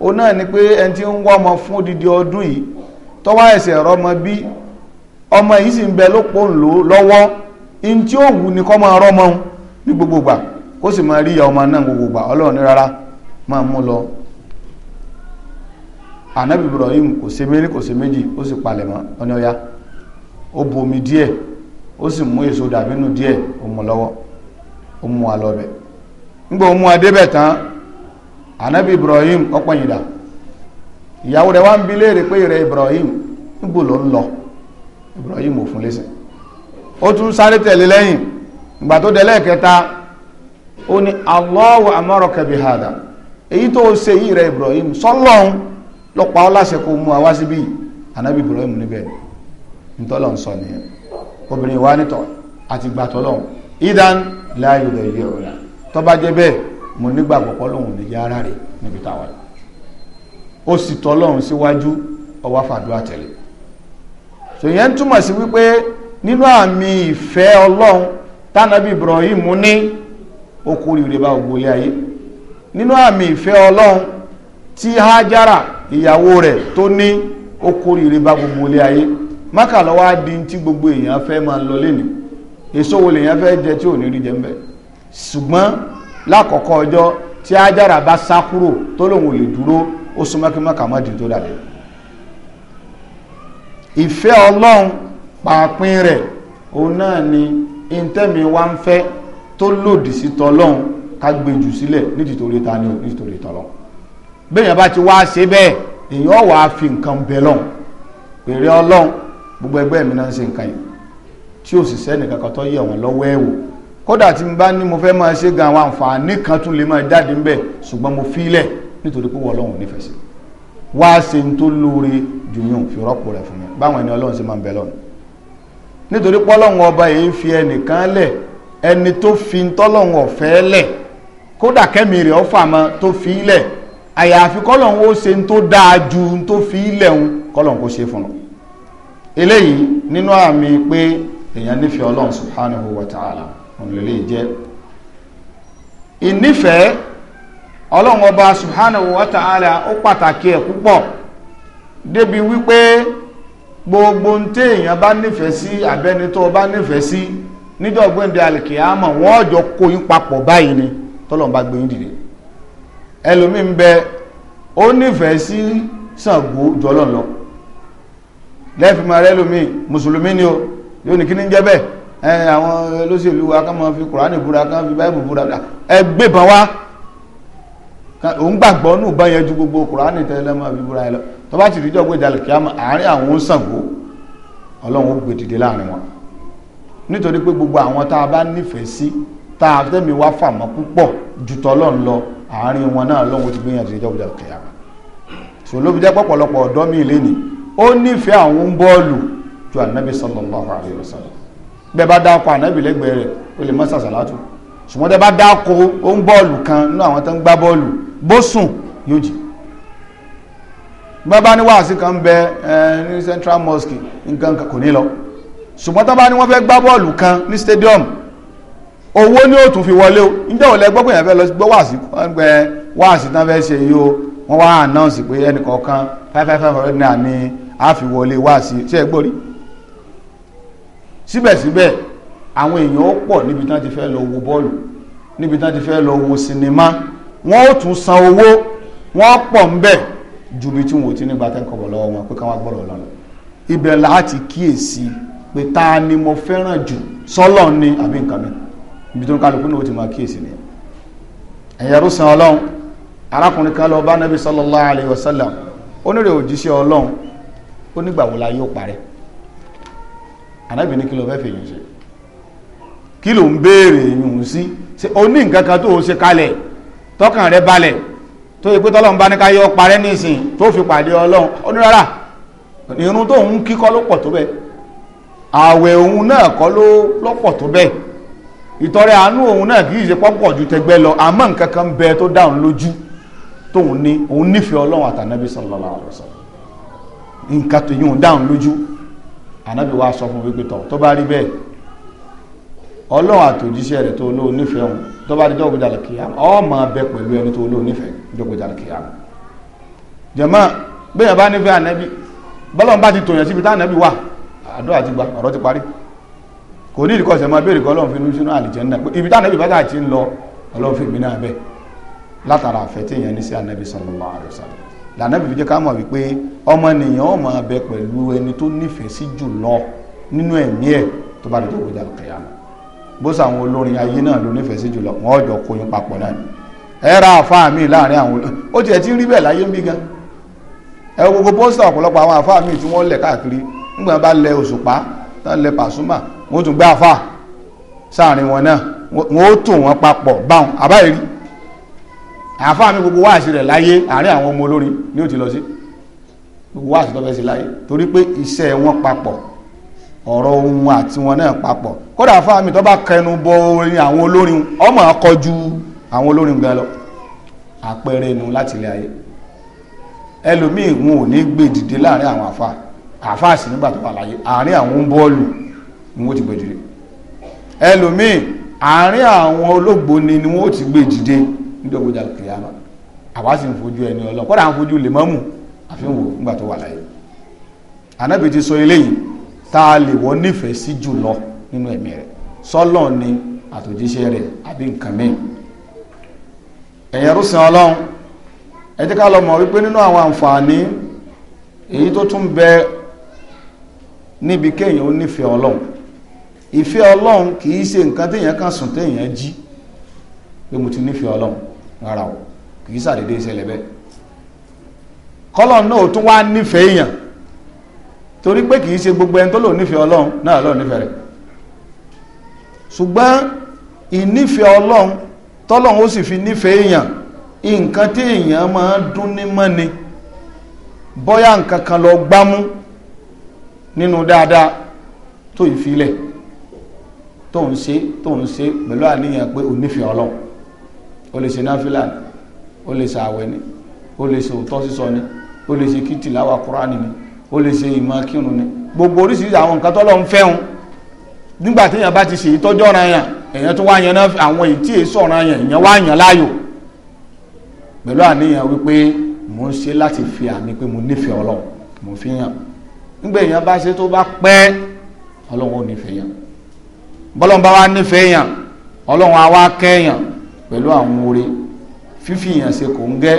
ó náà ni pé ẹni tí ń ọmọ fún odidi ọdún yìí tọ́wọ́ ọmọ yìí sì ń bẹ in tí ó wù ní kọ́ máa rọ́mọ ní gbogbo kó sì máa rí ya ọmọ náà gbogbo ọlọ́run rárá máa mú lọ anabi ibrahim kò se méjì kò se méjì ó sì palẹ̀ mọ́ ọ́nà ọ̀yá ó bomi díẹ̀ ó sì mú èso díẹ̀ ó mú lọ́wọ́ anabi ibrahim ọ̀pọ̀ yìí dà ìyàwó rẹ̀ wá ibrahim níbo ló ibrahim fún ó tún sáré tẹ̀lé lẹ́yìn ìgbà tó dẹ̀lẹ́ kẹta ó ní Allahu amaraka bi hada èyí tó ṣe yìí rẹ Ibrahim sọlọ́n lọ́pàá ọláṣẹ kò mú àwá síbí anábì Ibrahim níbẹ̀ nítọ́lọ̀ ń sọ nìyẹn obìnrin wa nítọ̀ àti gbà tọ́lọ̀ idan láàyò rẹ̀ yẹ ọ̀la tó bá jẹ́ bẹ́ẹ̀ mo nígbàgbọ́ pọ́lọ́hùn ní yára rẹ̀ níbi táwa ó sì tọ́lọ́hùn síwájú ọwá fàdúrà tẹ̀lé sòyẹn túmọ̀ sí wípé nínú àmì ìfẹ́ ọlọ́run tánàbí Ibrahim ní okùn rèé bá ògbó ilé ayé nínú àmì ìfẹ́ ọlọ́run tí Hájára ìyàwó rẹ̀ tó ní okùn rèé bá gbogbo ilé ayé mákàlọ́ wá di tí gbogbo èèyàn fẹ́ máa lọ lẹ́nu èso wo lèèyàn fẹ́ jẹ tí ò ní rí jẹ ṣùgbọ́n lákọ̀ọ́kọ́ ọjọ́ tí Hájára bá sá kúrò tó lòun ò lè dúró ó súnmọ́kí mọ́kà má dín tó dàbí ìfẹ́ ọlọ́run pàápín rẹ̀ òun náà ni intẹ́mi wá ń fẹ́ tó lòdì sí tọlọ́hun ká sílẹ̀ nítorí ta ni nítorí tọlọ́hun bẹ́ẹ̀yàn bá ti wá ṣe bẹ́ẹ̀ èèyàn wà á fi nǹkan bẹ lọ́hun pèrè ọlọ́hun gbogbo ẹgbẹ́ mi náà ń ṣe nǹkan yìí tí ò sì sẹ́ni kankan tó yẹ̀ wọ́n lọ́wọ́ ẹ̀ wò kódà tí n bá ní mo fẹ́ máa ṣe gan àwọn àǹfààní kan tún lè máa jáde ń bẹ̀ ṣùgbọ́n mo fílẹ̀ nítorí pé wọ́n ọlọ́hun nífẹ̀ẹ́ sí wá ṣe ń tó lóore jù yàn fi rọ́pò rẹ̀ fún mi báwọn ẹni ọlọ́hun ṣe máa ń bẹ lọ́hun nítorí pọ́lọ́hún ọba yìí fi ẹnìkan lẹ̀ ẹni tó fi tọ́lọ́hún ọ̀fẹ́ lẹ̀ kódà fi lẹ̀ àyàfi kọ́lọ́hún ó ṣe tó dáa ju tó fi lẹ̀ ń kọ́lọ́hún kó ṣe fún un eléyìí nínú àmì pé èèyàn nífẹ̀ẹ́ ọlọ́run subhanahu wa ta'ala òun lè lè jẹ́ ìnífẹ̀ẹ́ ọlọ́run ọba subhanahu wa ta'ala ó pàtàkì ẹ̀ púpọ̀ débi wípé gbogbo ń tẹ́ èèyàn bá nífẹ̀ẹ́ sí abẹ́ni tó bá nífẹ̀ẹ́ sí nídọ̀gbẹ́ndẹ̀ alìkìyàmọ̀ wọ́n jọ kó yín papọ̀ báyìí ni tọ́lọ́n bá gbé yín dìde ẹlòmí ń bẹ ó nífẹ̀ẹ́ sí Ṣàngó jọlọ́n lọ lẹ́fìmọ̀ rẹ lómi mùsùlùmí ni o yóò ní kí ní jẹ́ bẹ́ẹ̀ àwọn olóṣèlú wa ká máa fi kùránì búra ká fi báyìí búra ẹ gbébọn wá òun gbàgbọ́ nù bá yẹn ju gbogbo kùránì tẹ́lẹ̀ mọ́ àbí búra ẹ lọ tó bá ti ríjọ́ gbé jalè kíá mọ́ àárín àwọn Ṣàngó ọlọ́run ó gbé dìde láàrin wọn nítorí pé gbogbo àwọn tá a bá nífẹ̀ẹ́ sí tá a tẹ́mi wá fàmọ́ púpọ̀ ju tọ́lọ́run lọ àárín wọn náà lọ́wọ́ ti gbé yẹn ti ríjọ́ gbé jalè kíá mọ́ sòló fi jẹ́ pọ̀pọ̀lọpọ̀ ọ̀dọ́ mi lénìí ó nífẹ̀ẹ́ àwọn bọ́ọ̀lù ju ànábì sallallahu alaihi wasallam bẹ́ẹ̀ bá dákọ̀ ànábì lẹ́gbẹ̀ẹ́ rẹ̀ ó lè mọ́ sàṣàlátù ṣùgbọ́n tẹ́ bá dákọ̀ ó ń bọ́ọ̀lù kan nínú àwọn tó ń gbá bọ́ọ̀lù bó sùn yóò jí bá bá kan bẹ ẹ ní central mosque nǹkan kò ní lọ ṣùgbọ́n tó bá ní wọ́n fẹ́ gbá bọ́ọ̀lù kan ní stadium owó ni ó fi wọlé o níjẹ́ ò lẹ gbọ́ pé èèyàn fẹ́ lọ gbọ́ wáàsí pẹ́ wáàsí tán fẹ́ ṣe yìí o wọ́n wá announce pé ẹnìkọ̀ọ̀kan five five five hundred naira ni a fi wọlé wáàsí ṣe é gbórí síbẹ̀síbẹ̀ àwọn èèyàn ó pọ̀ níbi tán ti fẹ́ lọ wo bọ́ọ̀lù níbi tán ti fẹ́ lọ wo sinimá wọ́n ó tún owó wọ́n pọ̀ ń bẹ̀ ju bí tí wọ́n ti nígbà tẹ́kọ̀ọ́ lọ́wọ́ wọn pé káwọn gbọ́dọ̀ lọ́nà ibẹ̀ láti kíyèsí pé ni mo fẹ́ràn jù sọ́lọ̀ ni àbí nǹkan mi ibi tó ń kálukú ti ni san ọlọ́run arákùnrin kan lọ bá nàbí onírè òjíṣẹ́ ọlọ́run ó nígbàwó la yóò parẹ́ ànábì ní fèyí ṣe ń béèrè yìí sí o nǹkan kan tọkàn rẹ balẹ̀ tó yẹ pé bá yọ parẹ́ nísìn tó fi pàdé ọlọ́run ó ní rárá irun tó ń kíkọ́ ló pọ̀ tó bẹ́ẹ̀ àwẹ̀ òun náà kọ́ ló bẹ́ẹ̀ àánú òun náà kì í ṣe pọ́pọ̀ ju lọ àmọ́ nǹkan kan bẹ tó dáhùn lójú tóun ní òun nífẹ̀ẹ́ ọlọ́run nǹkan tó yún dáhùn lójú ànábì wa sọ tọ̀ tó bá tó bá di jọ́gbọ́dà kìyàmù ọ máa bẹ pẹ̀lú ẹni tó lóun nífẹ̀ẹ́ jọ́gbọ́dà kìyàmù jẹ̀mọ́ bẹ́ẹ̀ bá nífẹ̀ẹ́ ànẹ́bí bọ́lọ́n bá ti tòyàn síbi tá ànẹ́bí wà àdó àti gba ọ̀rọ̀ ti parí kò ní ìdíkọ̀ọ́sẹ̀ máa béèrè kọ́ ọlọ́run fi ní sínú àlìjánnà pé ibi tá ànẹ́bí bá ti ń lọ ọlọ́run fi mí náà bẹ́ẹ̀ látara àfẹ́ tí èèyàn ní sí ànẹ́bí sallallahu alaihi wasallam lànàbí fi jẹ́ ká mọ̀ wípé ọmọnìyàn ó máa bẹ pẹ̀lú ẹni tó nífẹ̀ẹ́ sí jù lọ nínú ẹ̀mí ẹ̀ tó bá di jọ́gbọ́dà bó sàwọn olórin ayé náà ló nífẹ̀ẹ́ sí jùlọ wọ́n jọ kóyún papọ̀ náà ni ẹ ra àfáà mi láàrin àwọn olórin ó tiẹ̀ ti rí bẹ́ẹ̀ láyé ń bí gan ẹ gbogbo pósítà ọ̀pọ̀lọpọ̀ àwọn àfáà mi tí wọ́n lẹ̀ káàkiri nígbà bá lẹ òṣùpá tán lẹ pàṣúmà wọ́n tún gbé àfáà sáàrin wọn náà wọ́n ó tò wọ́n papọ̀ báwọn àbáyé rí àfáà mi gbogbo wáàsí rẹ̀ láyé àárín àwọn ọmọ olórin ni ó ti lọ sí gbogbo wáàsí tó fẹ́ sí láyé torí pé iṣẹ́ wọn papọ̀ ọ̀rọ̀ ohun àti wọn náà papọ̀ kódà fáàmì tó bá kẹnu bọ orin àwọn olórin ọmọ akọjú àwọn olórin gan lọ àpẹẹrẹ inú láti ilé ayé ẹlòmíì wọn ò ní gbé dìde láàrin àwọn àfa àfa sì nígbà tó wà láyé àárín àwọn bọ́ọ̀lù ni wọ́n ti gbé dìde ẹlòmíì àárín àwọn olóògbóni ni wọ́n ti gbé dìde nídọ̀gbọ́jà kìyàmá àwa sì ń fojú ẹni ọlọ́ kódà ń fojú lèmọ́mù àfihàn wò nígbà tó wà láyé ànábì ti sọ eléyìí tá a lè wọ́n nífẹ̀ẹ́ sí jùlọ nínú ẹ̀mí rẹ̀ sọ́lọ̀ ni àtòjíṣẹ́ rẹ̀ àbí nǹkan mìíràn ẹ̀yẹn rúsìn ọlọ́run ẹ jẹ́ ká lọ mọ̀ wípé nínú àwọn àǹfààní èyí tó tún bẹ níbi kéèyàn ó nífẹ̀ẹ́ ọlọ́run ìfẹ́ ọlọ́run kì í ṣe nǹkan téèyàn kan sùn téèyàn jí pé mo ti nífẹ̀ẹ́ ọlọ́run rárá o kì í ṣàdédé ìṣẹ̀lẹ̀ bẹ́ẹ̀ kọ́lọ́n náà tún wá nífẹ̀ẹ́ èèyàn torí pé kìí ṣe gbogbo ẹni tó lò nífẹ̀ẹ́ ọlọ́run náà lọ́run nífẹ̀ẹ́ rẹ̀ ṣùgbọ́n ìnífẹ̀ẹ́ ọlọ́run tọ́lọ́run ó sì fi nífẹ̀ẹ́ èèyàn nǹkan tí èèyàn máa ń dún ní mọ́ni bóyá nǹkan kan lọ gbámú nínú dáadáa tó ìfilẹ̀ tó ń ṣe tó ń ṣe pẹ̀lú àníyàn pé ò nífẹ̀ẹ́ ọlọ́run ó lè ṣe náfìlà ó lè ṣàwẹ̀ ni ó lè ṣe òótọ́ sísọ ni ó lè ṣe kìtìláwà kúránì ni ó lè ṣe ìmọ̀ kírun ni gbogbo oríṣiríṣi àwọn nǹkan tó lọ́n fẹ́hun nígbà tí èèyàn bá ti ṣe ìtọ́jú ọ̀ràn yàn èèyàn tó wá yàn náà àwọn èyí tí èso ọ̀ràn yàn èèyàn wá yàn láàyò pẹ̀lú àníyàn wípé mò ń ṣe láti fi àmì pé mo nífẹ̀ẹ́ ọlọ́run mo fi yàn nígbà èèyàn bá ṣe tó bá pẹ́ ọlọ́run ò nífẹ̀ẹ́ yàn bọ́lọ́run bá wá nífẹ̀ẹ́ yàn ọlọ́run á wá kẹ́yàn pẹ̀lú àwọn oore fífi yàn ṣe kò ń gẹ́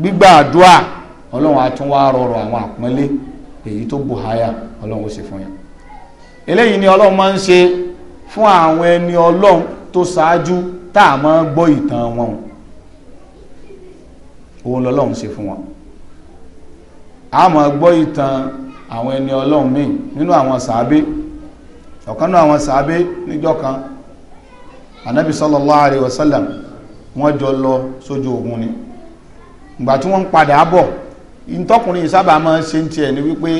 gbígbà àdúrà ọlọ́run á tún wá rọrọ̀ àwọn àpọ́nlé èyí tó bù háyà ọlọ́run ó ṣe fún yà eléyìí ni ọlọ́run máa ń ṣe fún àwọn ẹni ọlọ́run tó ṣáájú tá a máa gbọ́ ìtàn wọn òun lọ́lọ́run ṣe fún wọn a máa gbọ́ ìtàn àwọn ẹni ọlọ́run míì nínú àwọn sàábé ọ̀kan náà àwọn sàábé níjọ́ kan anabi sallallahu alayhi wa sallam wọ́n jọ lọ sójú ogun ni ìgbà wọ́n ń padà bọ̀ ìtọ́kùnrin sábà máa ń ṣe ń tiẹ̀ ni wípé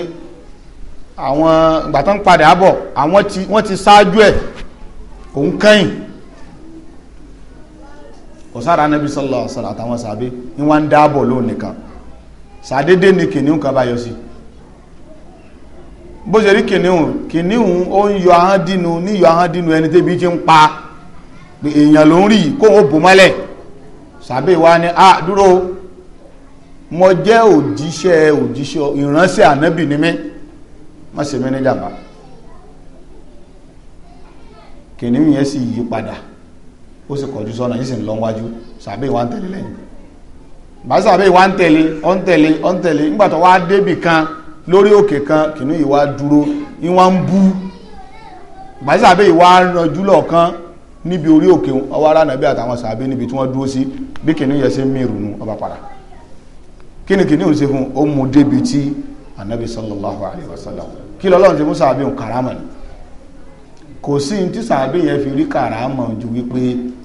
àwọn ìgbà tó ń padà bọ̀ àwọn tí wọ́n ti ṣáájú ẹ̀ òun kẹ́yìn kò sára anábì sallallahu alaihi wasallam àtàwọn sàbẹ ni wọ́n ń dáàbọ̀ lóun nìkan sàdédé ni kìnìún kan bá yọ sí bó ṣe rí kìnìún kìnìún ó ń yọ ahọ́n dínú ní yọ ahọ́n dínú ẹni tẹ́bi ti ń pa èèyàn ló ń rí kó o bò mọ́lẹ̀ sàbẹ wa ni a dúró mo jẹ́ òjíṣẹ́ òjíṣẹ́ ìránṣẹ́ ànábì ní mí má ṣe mí ní jàmbá kìnìún yẹn sì yí padà ó sì kọjú sọ́nà yìí sì ń lọ wájú sàbẹ̀ ìwà ń lẹ́yìn bá ìwà ń tẹ̀lé ń ń wá débì kan kan yìí wá dúró ń bú bá ìwà rànjú níbi orí òkè àtàwọn níbi tí dúró sí bí yẹn ń ọba padà kí ni kìíní ò ṣe fún ó mú débi tí anabi sallallahu alayhi wa sallam kí lọ́lọ́run ṣe mú sàábì ń karama ni kò sí ní tí sàábì yẹn fi rí karama ju wípé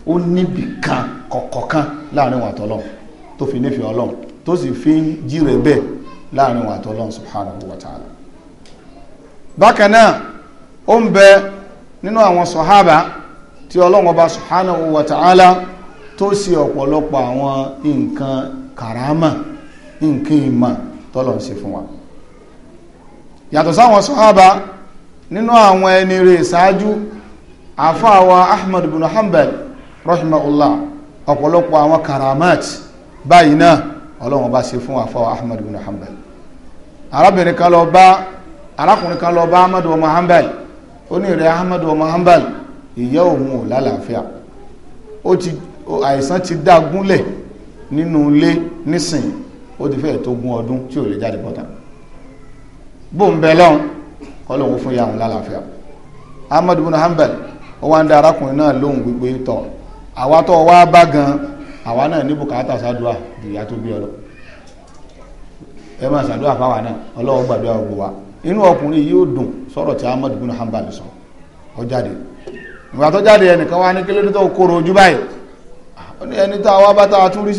ó níbì kan kọ̀kọ̀ láàrin wa tọ́lọ́run tó fi nífẹ̀ẹ́ ọlọ́run tó sì fi ń jíre bẹ́ẹ̀ láàrin wa tọ́lọ́run subhanahu wa ta'ala bákan náà ó ń bẹ nínú àwọn sọ̀hábà tí ọlọ́run ọba subhanahu wa ta'ala tó sì ọ̀pọ̀lọpọ̀ àwọn nǹkan karama nǹkan ìmọ̀ tọ́lọ̀ ń fún wa yàtọ̀ sáwọn sọ́hábà nínú àwọn ẹni rẹ̀ ahmad bin hanbal rahimahullah ọ̀pọ̀lọpọ̀ àwọn karamat báyìí náà ọlọ́run bá ṣe fún ahmad bin hanbal arábìnrin kan lọ bá arákùnrin kan lọ bá ahmad bin hanbal ó ní ìrẹ́ ahmad bin hanbal ti àìsàn ti dá gúnlẹ̀ nínú ó ti fẹ́ẹ̀ tó gún ọdún tí ò lè jáde bọ́ta bó bẹ lọ́hùn kọ́lọ́hún fún yahun lálàáfíà ahmed bin hanbal ó wá ń da arákùnrin náà lóhùn gbígbé tọ àwa tó wá bá gan àwa náà ní bùkátà sádùá ìyá tó bí ọ lọ ẹ máa fáwa náà gbàdúrà wa inú ọkùnrin yìí ó dùn sọ̀rọ̀ tí ahmed bin sọ ọ jáde ìgbà tó jáde ẹnìkan wa ní kílódé tó kóró ojú báyìí ó ní ẹni a bá tá a tún rí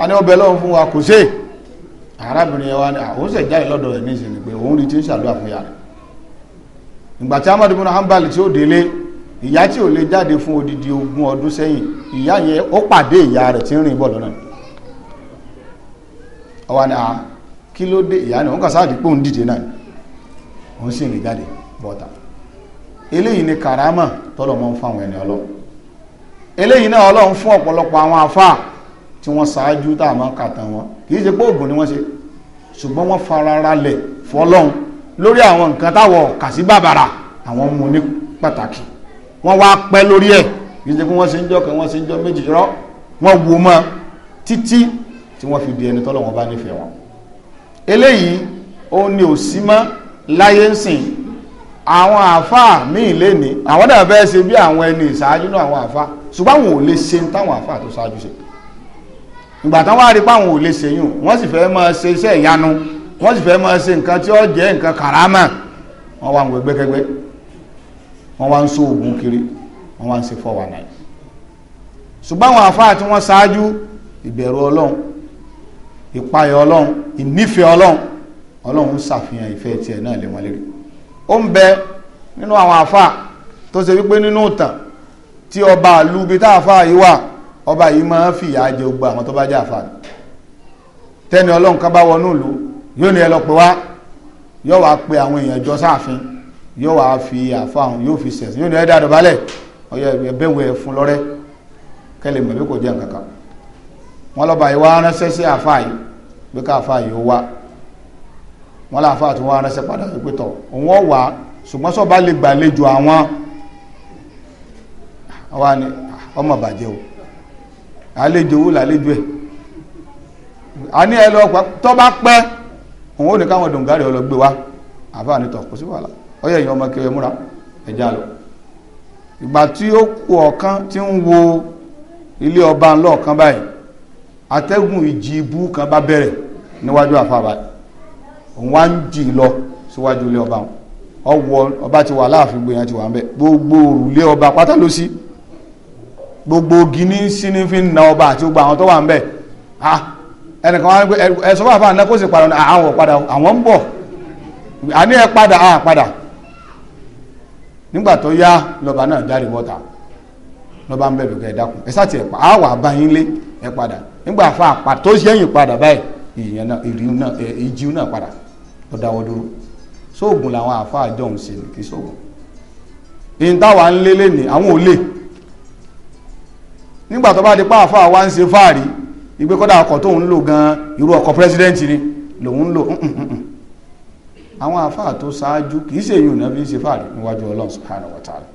a ní ọbẹ̀ lọ́wọ́ fún wa kò sí arábìnrin wa ni àwọn sì jáde lọ́dọ̀ ẹ̀ ní ìsìn pé òun rí ti ń ṣàdúrà fún yàrá ìgbà tí Ahmad bin Hanbal tí ó délé ìyá tí ò lè jáde fún odidi ogún ọdún sẹ́yìn ìyá yẹn ó pàdé ìyá rẹ̀ tí ń rìn bọ̀ lọ́nà ni kí ló dé ìyá kàn sáàdì pé jáde karama tọ́lọ̀ mọ́ fún àwọn ẹni eléyìí náà ọlọ́run tí wọ́n ṣáájú tá a máa kàtàn wọn kì í ṣe pé ògùn ni wọ́n ṣe ṣùgbọ́n wọ́n farara lẹ̀ fọlọ́hún lórí àwọn nǹkan táwọn kà sí bàbàrà àwọn mú ní pàtàkì wọ́n wá pẹ́ lórí ẹ̀ kì í ṣe pé wọ́n ṣe ń jọ kan wọ́n ṣe ń jọ méjì rọ́ wọ́n wo mọ́ títí tí wọ́n fi di ẹni tọ́lọ́ wọn bá nífẹ̀ẹ́ wọn eléyìí ó ní òsí mọ́ láyé ń sìn àwọn àáfàá míì lè ní àwọn dàbẹ́ ṣe bí àwọn ẹni ìṣáájú náà àwọn àáfàá ṣùgbọ́n àwọn ò lè ṣe táwọn àáfàá tó ṣáájú ṣe ìgbà tán wá rí páwọn ò lè ṣèyún wọ́n sì fẹ́ máa ṣe iṣẹ́ ìyanu wọ́n sì fẹ́ máa ṣe nǹkan tí ó jẹ́ nǹkan kàrámà wọ́n wá ń wẹ̀ gbẹ́gbẹ́gbẹ́ wọ́n wá ń so oògùn kiri wọ́n wá ń ṣe fọ́ wà náà ṣùgbọ́n àwọn àfáà tí wọ́n ṣáájú ìbẹ̀rù ọlọ́run ìpayọ̀ ọlọ́run ìnífẹ̀ẹ́ ọlọ́run ọlọ́run ń ṣàfihàn ìfẹ́ tiẹ̀ náà lé wọn lérí ó ń bẹ nínú àwọn àfáà tó ṣe wípé nínú ìtàn tí ọba àlú ibi tá yìí wà ọba yìí máa ń fìyà jẹ gbogbo àwọn tó bá jẹ àfààní tẹni ọlọ́run kan bá wọnú ìlú yóò ní ẹ lọ pé wá yóò wá pe àwọn èèyàn jọ sáàfin yóò wá fi àfààní yóò fi sẹ̀sìn yóò ní ẹ dá dọ̀bálẹ̀ ọyọ ẹbẹ wẹ fún lọ́rẹ́ kẹlẹ̀ mọ̀ bí kò jẹ́ nǹkan kan wọn lọ́ba yìí wá ránṣẹ́ sí àfààní pé ká àfààní ó wá wọn láàfààní tí wọ́n ránṣẹ́ padà wípé tọ̀ òun ọ̀ wá ṣùgbọ́n sọ́ba lè gbàlejò àwọn ah, ọmọ bàjẹ́ o àlejò owó làlejò ẹ̀ a ní ẹlọ tó bá pẹ́ òun ò ní káwọn dòǹgárì ọlọ gbé wa àbá nítọ̀ kò sí wàhálà ọyẹ ìyẹn ọmọ kẹwẹ múra ẹja lọ ìgbà tí ó kú ọ̀kan tí ń wo ilé ọba ńlọ́ọ̀kan báyìí atẹ́gùn ìjì ibú kan bá bẹ̀rẹ̀ níwájú àfàbà òun wá ń jì lọ síwájú ilé ọba ọwọ́ ọba ti wà láàfin gbìyànjú wà ń bẹ gbogbo òrùlé ọba pátá ló sí gbogbo gini sínú fi ń na ọba àti gbogbo àwọn tó wà ń bẹ̀ ah ẹnìkan wọn pé ẹsọ bá fà ń kó sì padà ní àwọn padà àwọn ń bọ̀ àní ẹ padà á padà nígbà tó yá lọ́ba náà jáde bọ́ta lọ́ba ń bẹ̀rù kẹ́ ẹ dákun ẹ sátì ẹ pa á wà bá yín lé ẹ padà nígbà fà pa tó ṣẹ́yìn padà báyìí ìyẹn náà ìrìn náà ìjìun náà padà ó dáwọ́ dúró sóògùn làwọn àáfàá jọ̀hún ṣe kì í sóògùn ìyìn táwa ń lé lé ní àwọn ò lè nígbà tó bá di páàfà wa ń ṣe fáàrí ìgbé kọ́dà ọkọ̀ tó ń lò gan irú ọkọ̀ pírẹsidẹ́ǹtì ni lòun ń lò mm, mm, mm, àwọn àfáà tó ṣáájú kì í ṣèyí ònà bí ń ṣe fáàrí níwájú ọlọ́run subhanahu wa ta'ala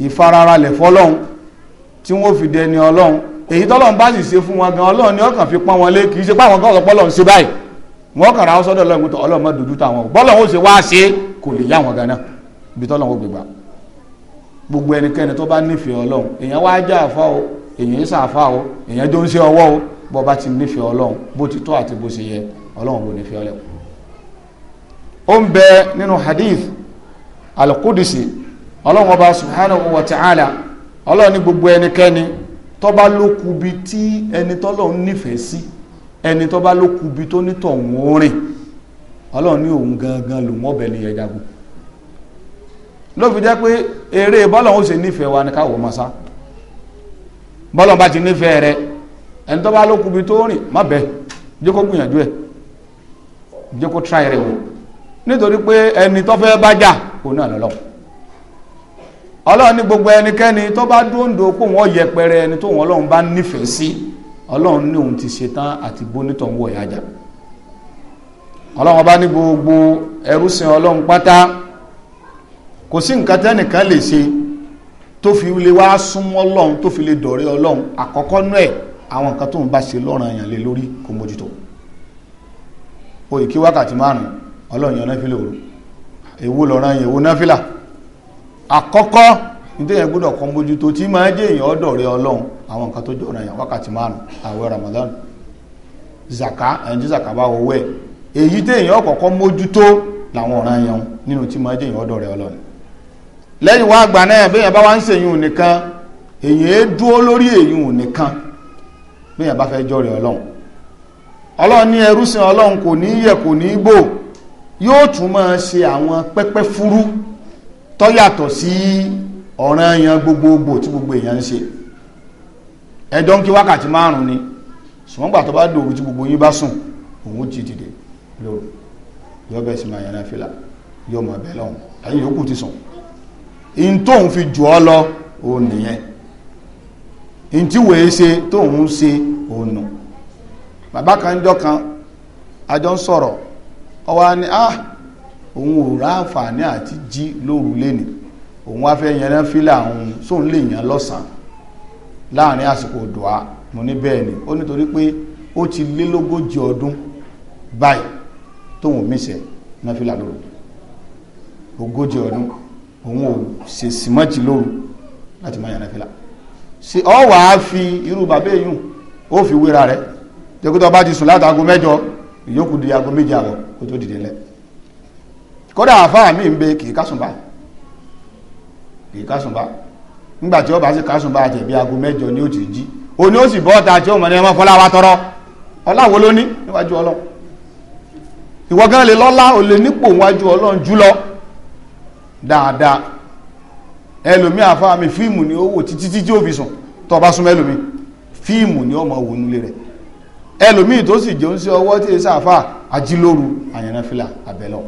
ìfararalẹ̀ fọlọ́run tí wọ́n fi dẹni ọlọ́run èyí tọ́lọ́run bá sì ṣe fún wọn gan ọlọ́run ni ọkàn fi pọ́n wọn lé kì í ṣe pé àwọn kan sọ pọ́lọ́run ṣe báyìí wọn kàn ra ọsọdọ̀ ọlọ́run gbọ́dọ̀ ọlọ́run mọ́ dojú táwọn bọ́lọ́run ó ṣe wá ṣe kò lè yá wọn gan náà ibi tọ́lọ́run ó gbégbá gbogbo ẹnikẹ́ni tó bá nífẹ̀ẹ́ ọlọ́run èèyàn wá já àfọ́ èyàn ń sàfà o èyàn jọ ń ṣe ọwọ́ o bọ́ bá ti nífẹ̀ẹ́ ọlọ́run bó ti tó àti bó ṣe yẹ ọlọ́run bó nífẹ̀ẹ́ ọlẹ́kùn. ó ń bẹ nínú hadith alqudisi ọlọ́run ọba subhanahu wa ta'ala ọlọ́run ní gbogbo ẹnikẹ́ni tó bá ló kubi tí ẹni tọ́lọ́run nífẹ̀ẹ́ sí ẹni tó bá ló kubi tó nítọ̀ wọ́ọ́rìn ọlọ́run ní òun gangan lòun ọbẹ̀ lè yẹ jagun ló fi jẹ́ pé eré bọ́lọ̀ ó ṣe nífẹ̀ẹ́ wa ní káwọ́ mọ́sá bọ́lọ̀ bá ti nífẹ̀ẹ́ rẹ ẹni tó bá ló kubi tó rìn má bẹ́ẹ̀ gbìyànjú ẹ jẹ́ kó wò nítorí pé ẹni tó fẹ́ bá jà kò ní ọlọ́run ní gbogbo ẹnikẹ́ni tó bá dóńdó kó wọ́n yẹpẹrẹ ẹni tó bá nífẹ̀ẹ́ sí ọlọ́run ti àti ń wọ̀ ẹ̀ ọlọ́run bá ní gbogbo ọlọ́run pátá kò tó fi lè wá súnmọ́ ọlọ́run tó fi lè dọ̀rẹ́ ọlọ́run àkọ́kọ́ nú ẹ̀ àwọn nǹkan tó ń bá ṣe lọ́ràn èèyàn lé lórí kò mójútó oyè kí wákàtí márùn ọlọ́run yan náfìlà òru èwo lọ́ràn èwo náfìlà àkọ́kọ́ nítorí gbọ́dọ̀ kan mójútó tí máa jẹ́ èèyàn ọ̀dọ̀rẹ́ ọlọ́run àwọn nǹkan tó jọ̀ràn èèyàn wákàtí márùn Ramadan zaka ẹni zaka bá wọwọ́ ẹ̀ èyí mójútó làwọn ọ̀ràn èèyàn nínú tí máa jẹ́ èèyàn ọ̀dọ̀rẹ́ lẹ́yìn wá àgbà náà béèyàn bá wá ń ṣèyún nìkan èyàn é dúó lórí èyún nìkan béèyàn bá fẹ́ jọrẹ̀ ọlọ́run ọlọ́run ní ẹrúsìn ọlọ́run kò ní yẹ kò ní bò yóò tún máa ṣe àwọn pẹ́pẹ́ fúrú tó yàtọ̀ sí ọ̀ràn èèyàn gbogbogbò tí gbogbo èèyàn ń ṣe ẹ̀dọ́ ń kí wákàtí márùn-ún ni ṣùgbọ́n gbà tó bá dòru tí gbogbo yín bá sùn òun jí dìde lóru yọ bẹ́ẹ̀ sì máa yànnà fìlà yọ mọ̀ bẹ́ẹ̀ lọ́hùn ẹ̀yìn yòókù ti sùn in tóun fi jù ọ lọ òun nìyẹn in tí wòye ṣe tóun ṣe òun nù bàbá kan jọ kan àjọ ń sọ̀rọ̀ ọwọ́ ni ah òun ò rá àǹfààní àti jí lóru léni òun wá fẹ́ yẹn náà fílà òun sóun lè yàn lọ́sàn-án láàrin àsìkò dùá mo ní bẹ́ẹ̀ ni ó nítorí pé ó ti lé lógójì ọdún báyìí tóun mísẹ̀ náà fílà lóru ogójì ọdún òun ò ṣèṣì mọ́jì lóru láti máa yànnà fìlà ṣe ọ wàá fi irú bàbá èyàn ó fi wéra rẹ jẹ́kútọ́ bá ti sùn látago mẹ́jọ ìyókù di aago méje àbọ̀ kó tó dìde lẹ̀ kódà àfáà mi ń bẹ kì í kásùnbà kì í kásùnbà nígbà tí ó kásùnbà àjẹ̀bí aago mẹ́jọ ni ó ti jí taa ó sì bọ́ ọ̀tá tí ó mọ̀ tọrọ ló ní níwájú ìwọ gan lọ́lá ò lè nípò dáadáa ẹlòmí àfáà mi fíìmù ni ó wò títí títí ó fi sùn tó bá súnmọ́ ẹlòmí fíìmù ni ó mọ wò nílé rẹ̀ ẹlòmí tó sì jẹun sí ọwọ́ tí èsì àfáà ajílóru àyànnáfílà àbẹ̀lọ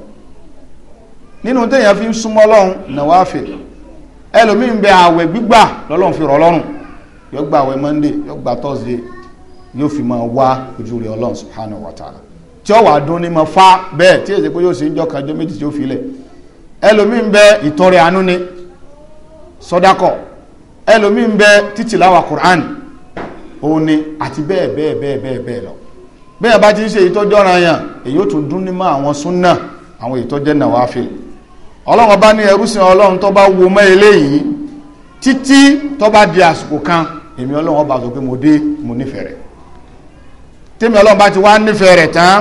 nínú téèyàn fi ń súnmọ́ lọ́hùn ẹlòmí ń fi rọ̀ lọ́rùn yóò gba àwẹ̀ monday yóò gba thursday yóò fi máa wá ojú ọlọ́run subhanahu wa ta'ala tí ó dún ní fa bẹ́ẹ̀ tí èsì pé yóò sì ẹlòmí ń bẹ ìtọrẹ àánú ni sọdákọ̀ ẹlòmí ń bẹ títìláwà Qur'an òun ni àti bẹ́ẹ̀ bẹ́ẹ̀ bẹ́ẹ̀ bẹ́ẹ̀ bẹ́ẹ̀ lọ bẹ́ẹ̀ bá ti ń ṣe ìtọ́jú ọ̀ràn yàn èyí ó tún dún ní mọ́ àwọn súnà àwọn ìtọ́jẹ́ náà wáá fi ọlọ́run bá ní ẹrú sin ọlọ́run tó bá wo mọ́ eléyìí títí tó bá di àsìkò kan èmi ọlọ́run bá sọ pé mo dé mo nífẹ̀ẹ́ rẹ̀ tèmi ọlọ́run bá ti wá nífẹ̀ẹ́ rẹ̀ tán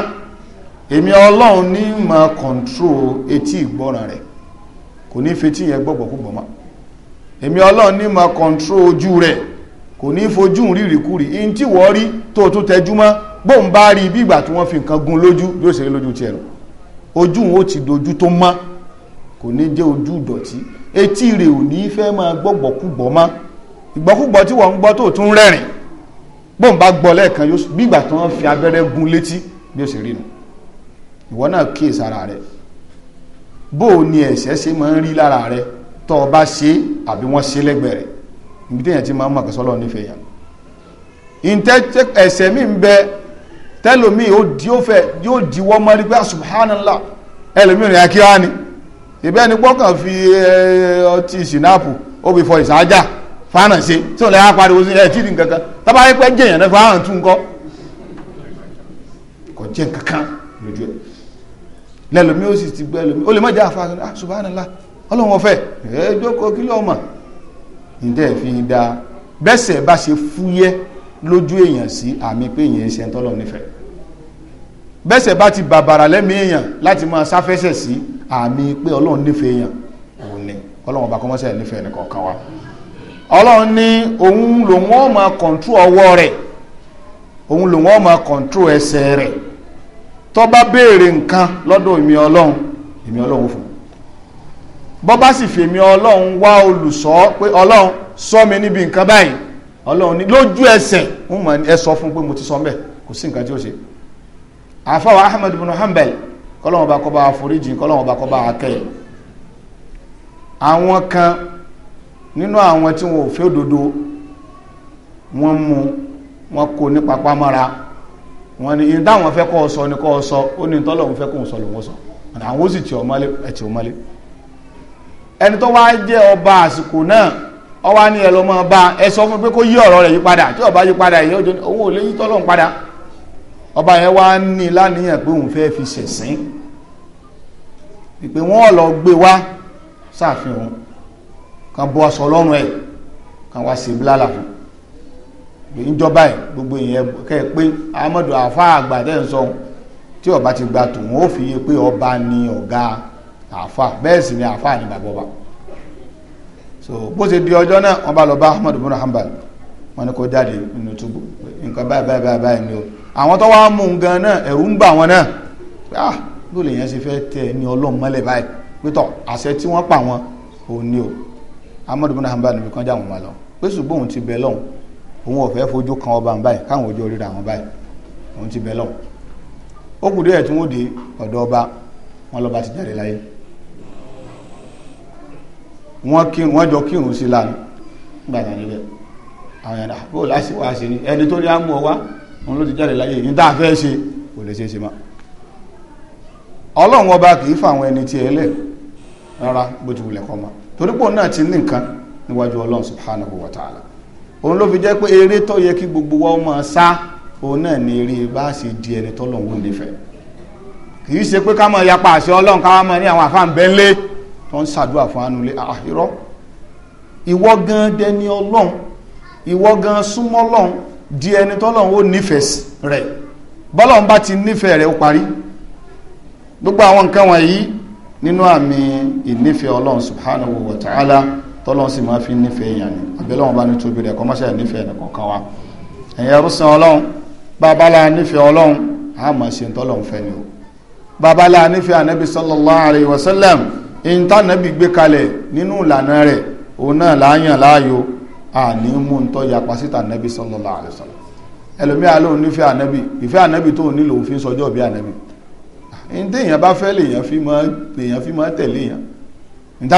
èmi ọlọ́run ní mọ̀ kọ̀ǹtró etí ìgbọ́ràn rẹ̀ kò ní fetí yẹn gbọ́gbọ̀kúgbọ̀ mọ́ èmi ọlọ́run ní ma kọ̀ntró ojú rẹ̀ kò ní fojú rírìkúrì in tí wọ́n rí tó tún tẹjú mọ́ bóun bá rí bí ìgbà tí wọ́n fi nǹkan gun lójú yóò ṣe lójú tiẹ̀ lọ ojú wọn ó ti dojú tó mọ́ kò ní jẹ́ ojú ìdọ̀tí etí rẹ̀ ò ní fẹ́ máa gbọ́gbọ̀kúgbọ̀ mọ́ ìgbọ́kúgbọ̀ tí wọ́n ń gbọ́ tó tún rẹ́rìn bóun bá gbọ́ lẹ́ẹ̀kan bí ìgbà tí wọ́n fi abẹ́rẹ́ gun létí bí ṣe rí nu ìwọ náà kíyèsára rẹ̀ bó o ní ẹ̀ṣẹ̀ ṣe máa ń rí lára rẹ tó o bá ṣe àbí wọ́n ṣe lẹ́gbẹ̀ẹ́ rẹ̀ ibi téèyàn ti máa ń mọ̀ sọ́lọ́ nífẹ̀ẹ́ yàn ìtẹ́ ẹ̀ṣẹ̀ mi ń bẹ tẹ́lòmí yóò diwọ́ mọ́ rí ah, subhanallah ẹlòmí rìn akíwá ni ìbẹ́ ni gbọ́kàn fi ọtí sinapu ó fi fọ ìsájà fánà ṣe tí òun lè wá pariwo sí ẹ̀ tí ìdí nǹkankan tábà yẹ pé jẹ̀yàn náà tún kọ́ kò jẹ́ nǹkankan lójú ẹ̀ lẹ́lòmí ó sì ti gbẹ́ lòmí ó lè mọ́jà àfa ah subhanallah ọlọ́run ọ̀fẹ́ ẹ̀ eh, jókòó kí ló mọ̀ níta fi da bẹ́sẹ̀ bá ṣe fúyẹ́ lójú èèyàn sí àmì pé èèyàn ṣe ń tọ́lọ̀ nífẹ̀ẹ́ bẹ́sẹ̀ bá ti bàbàrà lẹ́mí èèyàn láti máa sáfẹ́sẹ̀ sí àmì pé ọlọ́run nífẹ̀ẹ́ èèyàn òun ni ọlọ́run ọba kọ́mọ́sẹ̀ nífẹ̀ẹ́ nìkọ̀ọ̀kan wa ọlọ́run ní òun lòun ó máa kọ̀ǹtró ọwọ́ rẹ̀ òun lòun ó máa kọ̀ǹtró ẹsẹ̀ rẹ̀ tó bá béèrè nǹkan lọ́dọ̀ èmi ọlọ́run èmi ọlọ́run fún bọ́ bá sì fèmi ọlọ́run wá olùṣọ́ pé ọlọ́run ṣọ́ mi níbi nǹkan báyìí ọlọ́run ní lójú ẹsẹ̀ ń mọ̀ ẹ sọ fún pé mo ti sọ mẹ́ kò sí nǹkan tí ó ṣe àfáwà ahmed bin hanbal kọ́lọ́wọ́n bá kọ́ bá àforíjì kọ́lọ́wọ́n bá kọ́ bá akẹ́ àwọn kan nínú àwọn tí wọn ò fẹ́ òdodo wọ́n mú wọn kó ní papá wọ́n ní ìyẹn táwọn fẹ́ kọ́ ọ sọ ni kọ́ ọ sọ ó ní tọ́lọ̀ òun fẹ́ kóun sọ lòun sọ àwọn ó sì tì ọ mọ́lé ẹ̀ tì ọ mọ́lé ẹni tó wá jẹ́ ọba àsìkò náà ọwá ní ẹ lọ mọ́ ọba ẹ sọ fún pé kó yí ọ̀rọ̀ rẹ̀ yí padà tí ọba yí padà yìí ọjọ́ owó lè yí tọ́lọ̀ ń padà ọba yẹn wá ní láníyàn pé òun fẹ́ fi ṣẹ̀sìn ìpè wọ́n lọ gbé wá sáàfihàn kan bọ́ aṣọ ọlọ́run ẹ̀ kan wá sí bílálà fún ìjọba ẹ̀ gbogbo ìyẹn kẹ́ pé amadu afa àgbà tẹ́ ń sọ tí ọba ti gba tòun ó fi yé pé ọba ni ọ̀gá afa bẹ́ẹ̀ sì ni afa ni bàbá ọba so bó ṣe di ọjọ́ náà wọ́n bá lọ bá ahmed bin hanbal wọ́n ní kó jáde nínú túbú nǹkan báyìí báyìí báyìí báyìí ni o àwọn tó wá mú un náà ẹ̀rù ń bà wọn náà pé ah ló lè yẹn ṣe fẹ́ tẹ ní ọlọ́run mọ́lẹ̀ báyìí pé tọ̀ àṣẹ tí wọ́n pa wọn òun ni o ahmed bin hanbal níbi já wọn wá lọ pé ṣùgbọ́n òun ti bẹ lọ́hùn òun ọ̀fẹ́ fẹ́ fojú kan ọba báyìí káwọn ojú oríra àwọn báyìí òun ti bẹ́ lọ ó kù díẹ̀ tí wọ́n di ọ̀dọ̀ ọba wọn lọ́ba ti jáde láyé kírun jọ kírun sí lánàá nígbà tá a níbẹ̀ àwọn yàrá bó láti wá sí ni ẹni tó ní á mú ọ wá òun ló ti jáde láyé yìí tá a fa àwọn ẹni tí ẹ lẹ̀ rárá bó ti ma náà ti ní nǹkan níwájú ọlọ́run subhanahu wa òun ló fi jẹ́ pé eré tó yẹ kí gbogbo wa máa sá òun náà ni eré bá ṣe di ẹni tọ́lọ́hún nífẹ̀ẹ́ kì í ṣe pé ká máa yapa àṣẹ ọlọ́run ká wá máa ní àwọn àfáà ń bẹ́ńlé tó ń ṣàdúrà fún anulẹ̀ àhírọ́ ah, ìwọ gan dẹni ọlọ́run ìwọ gan súnmọ́ ọlọ́run di ẹni tọ́lọ́hún ó nífẹ̀ẹ́ rẹ̀ bọ́lọ́run bá ti nífẹ̀ẹ́ rẹ̀ ó parí gbogbo àwọn nǹkan wọ̀nyí nínú àmì ìnífẹ̀ẹ́ ọlọ́run subhanahu wa ta'ala tọ́lọ́n sì máa fi nífẹ̀ẹ́ èèyàn ni àbẹ́lẹ́ wọn bá ní tóbi rẹ̀ kọ́mọ́ṣẹ́ nífẹ̀ẹ́ ẹnì kọ̀ọ̀kan wa ẹ̀yin ẹrúsìn ọlọ́run babalá nífẹ̀ẹ́ ọlọ́run a máa ṣe tọ́lọ́run fẹ́ ni o babalá nífẹ̀ẹ́ anabi sallallahu alayhi wa sallam ìyìntà anabi gbé kalẹ̀ nínú ìlànà rẹ̀ òun náà láàyàn láàyò àní mú ń tọ́ yapa síta anabi sallallahu alayhi wa sallam ẹlòmí àlóhùn nífẹ̀ẹ́ anabi ìfẹ́ anabi tó nílò òfin sọjọ́ bí anabi ìyìntà èèyàn bá fẹ́ lèèyàn fi máa tẹ̀lé èèyàn ìyìntà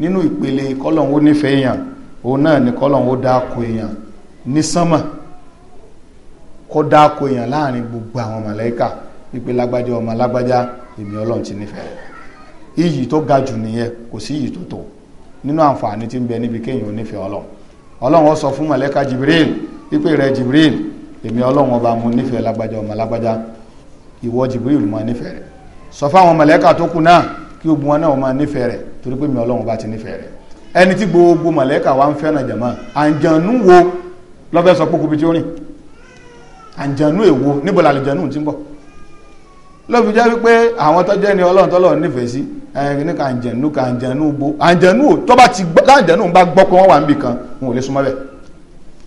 nínú ìpele kọ́lọ̀hún ó èèyàn òun náà ni kọ́lọ̀hún dáko èèyàn ní sánmà dáko èèyàn láàrin gbogbo àwọn màláíkà wípé lágbájá ọmọ lágbájá èmi ọlọ́run ti iyì tó ga jù nìyẹn kò sí iyì tó tó nínú àǹfààní tí ń bẹ níbi kéèyàn Jibril rẹ Jibril èmi ọlọ́run ọba lágbájá ọmọ Jibril rẹ sọ tó kù náà torí pé mi ọlọ́run bá ti nífẹ̀ẹ́ rẹ̀ ẹni tí gbogbo mọ̀lẹ́kà wa ń fẹ́ràn jẹ̀mọ́ àǹjànú wo lọ́fẹ́ sọ pókó bí tí ó rìn àǹjànú èwo níbo la àlùjànú ti ń bọ̀ lọ́fi jẹ́ wípé àwọn tó jẹ́ ni ọlọ́run tọ́lọ̀ nífẹ̀ẹ́ sí ẹni ní kàǹjànú kàǹjànú bo àǹjànú ò tọ́ bá ti gbọ́ kàǹjànú bá gbọ́ pé wọ́n wà níbì kan wọn ò lè súnmọ́ bẹ́ẹ̀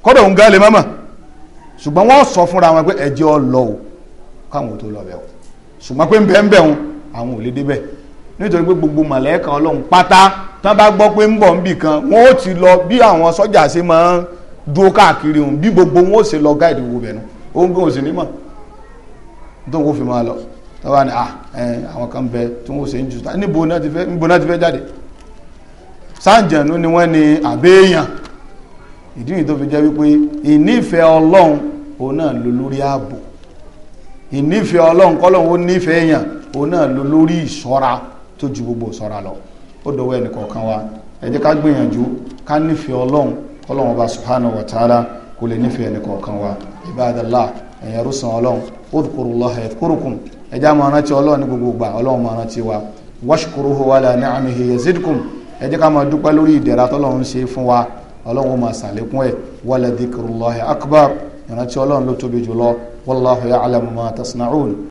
kọ́dọ̀ òun gan lè mọ́mọ́ ṣùgbọ́n wọ́n sọ fúnra wọn pé ẹ̀jẹ̀ ọ lọ o káwọn ò tó lọ bẹ́ẹ̀ o ṣùgbọ́n pé ń bẹ́ẹ̀ ń bẹ́ẹ̀ wọn àwọn ò lè débẹ̀ nítorí pé gbogbo mọ̀lẹ́kà ọlọ́run pátá tán bá gbọ́ pé ń bọ̀ níbì kan wọ́n ó ti lọ bí àwọn sọ́jà ṣe máa ń dúró káàkiri òun bí gbogbo wọn ó ṣe lọ gáìdì wo bẹ̀nu òun gbọ́n òsì nímọ̀ tó ń kó fi máa lọ tó wà ní ah, àwọn kan bẹ tí wọ́n ó ṣe ń jù níbo náà ti fẹ́ jáde sáǹjẹ̀nú ni wọ́n ní àbẹ́yàn ìdí yìí tó fi jẹ́ wípé ìnífẹ̀ẹ́ ọlọ́run òun náà ló lórí ààbò ìnífẹ̀ẹ́ ọlọ́run kọ́lọ́run ó nífẹ̀ẹ́ èèyàn òun náà ló lórí ìṣọ́ra tó ju gbogbo sọ́ra lọ ó dọwọ́ ẹnìkọ̀ọ̀kan wa ẹ jẹ́ ká gbìyànjú ká nífẹ̀ẹ́ ọlọ́run ọlọ́run ọba subhanahu wa ta'ala kò lè nífẹ̀ẹ́ ẹnìkọ̀ọ̀kan wa ibadallah ẹ̀yin ẹrúsàn ọlọ́run udhkurullaha yadhkurukum ẹ jẹ́ máa rántí ọlọ́run ní gbogbo ìgbà ọlọ́run máa rántí wa washkuruhu ala ni'amihi yazidkum ẹ jẹ́ ká máa dúpẹ́ lórí ìdẹ̀ra tọ́lọ́run ṣe fún wa ọlọ́run máa ṣàlékún ẹ̀ wala dhikrullahi akbar ìrántí ọlọ́run ló tóbi jùlọ wallahu ya'lamu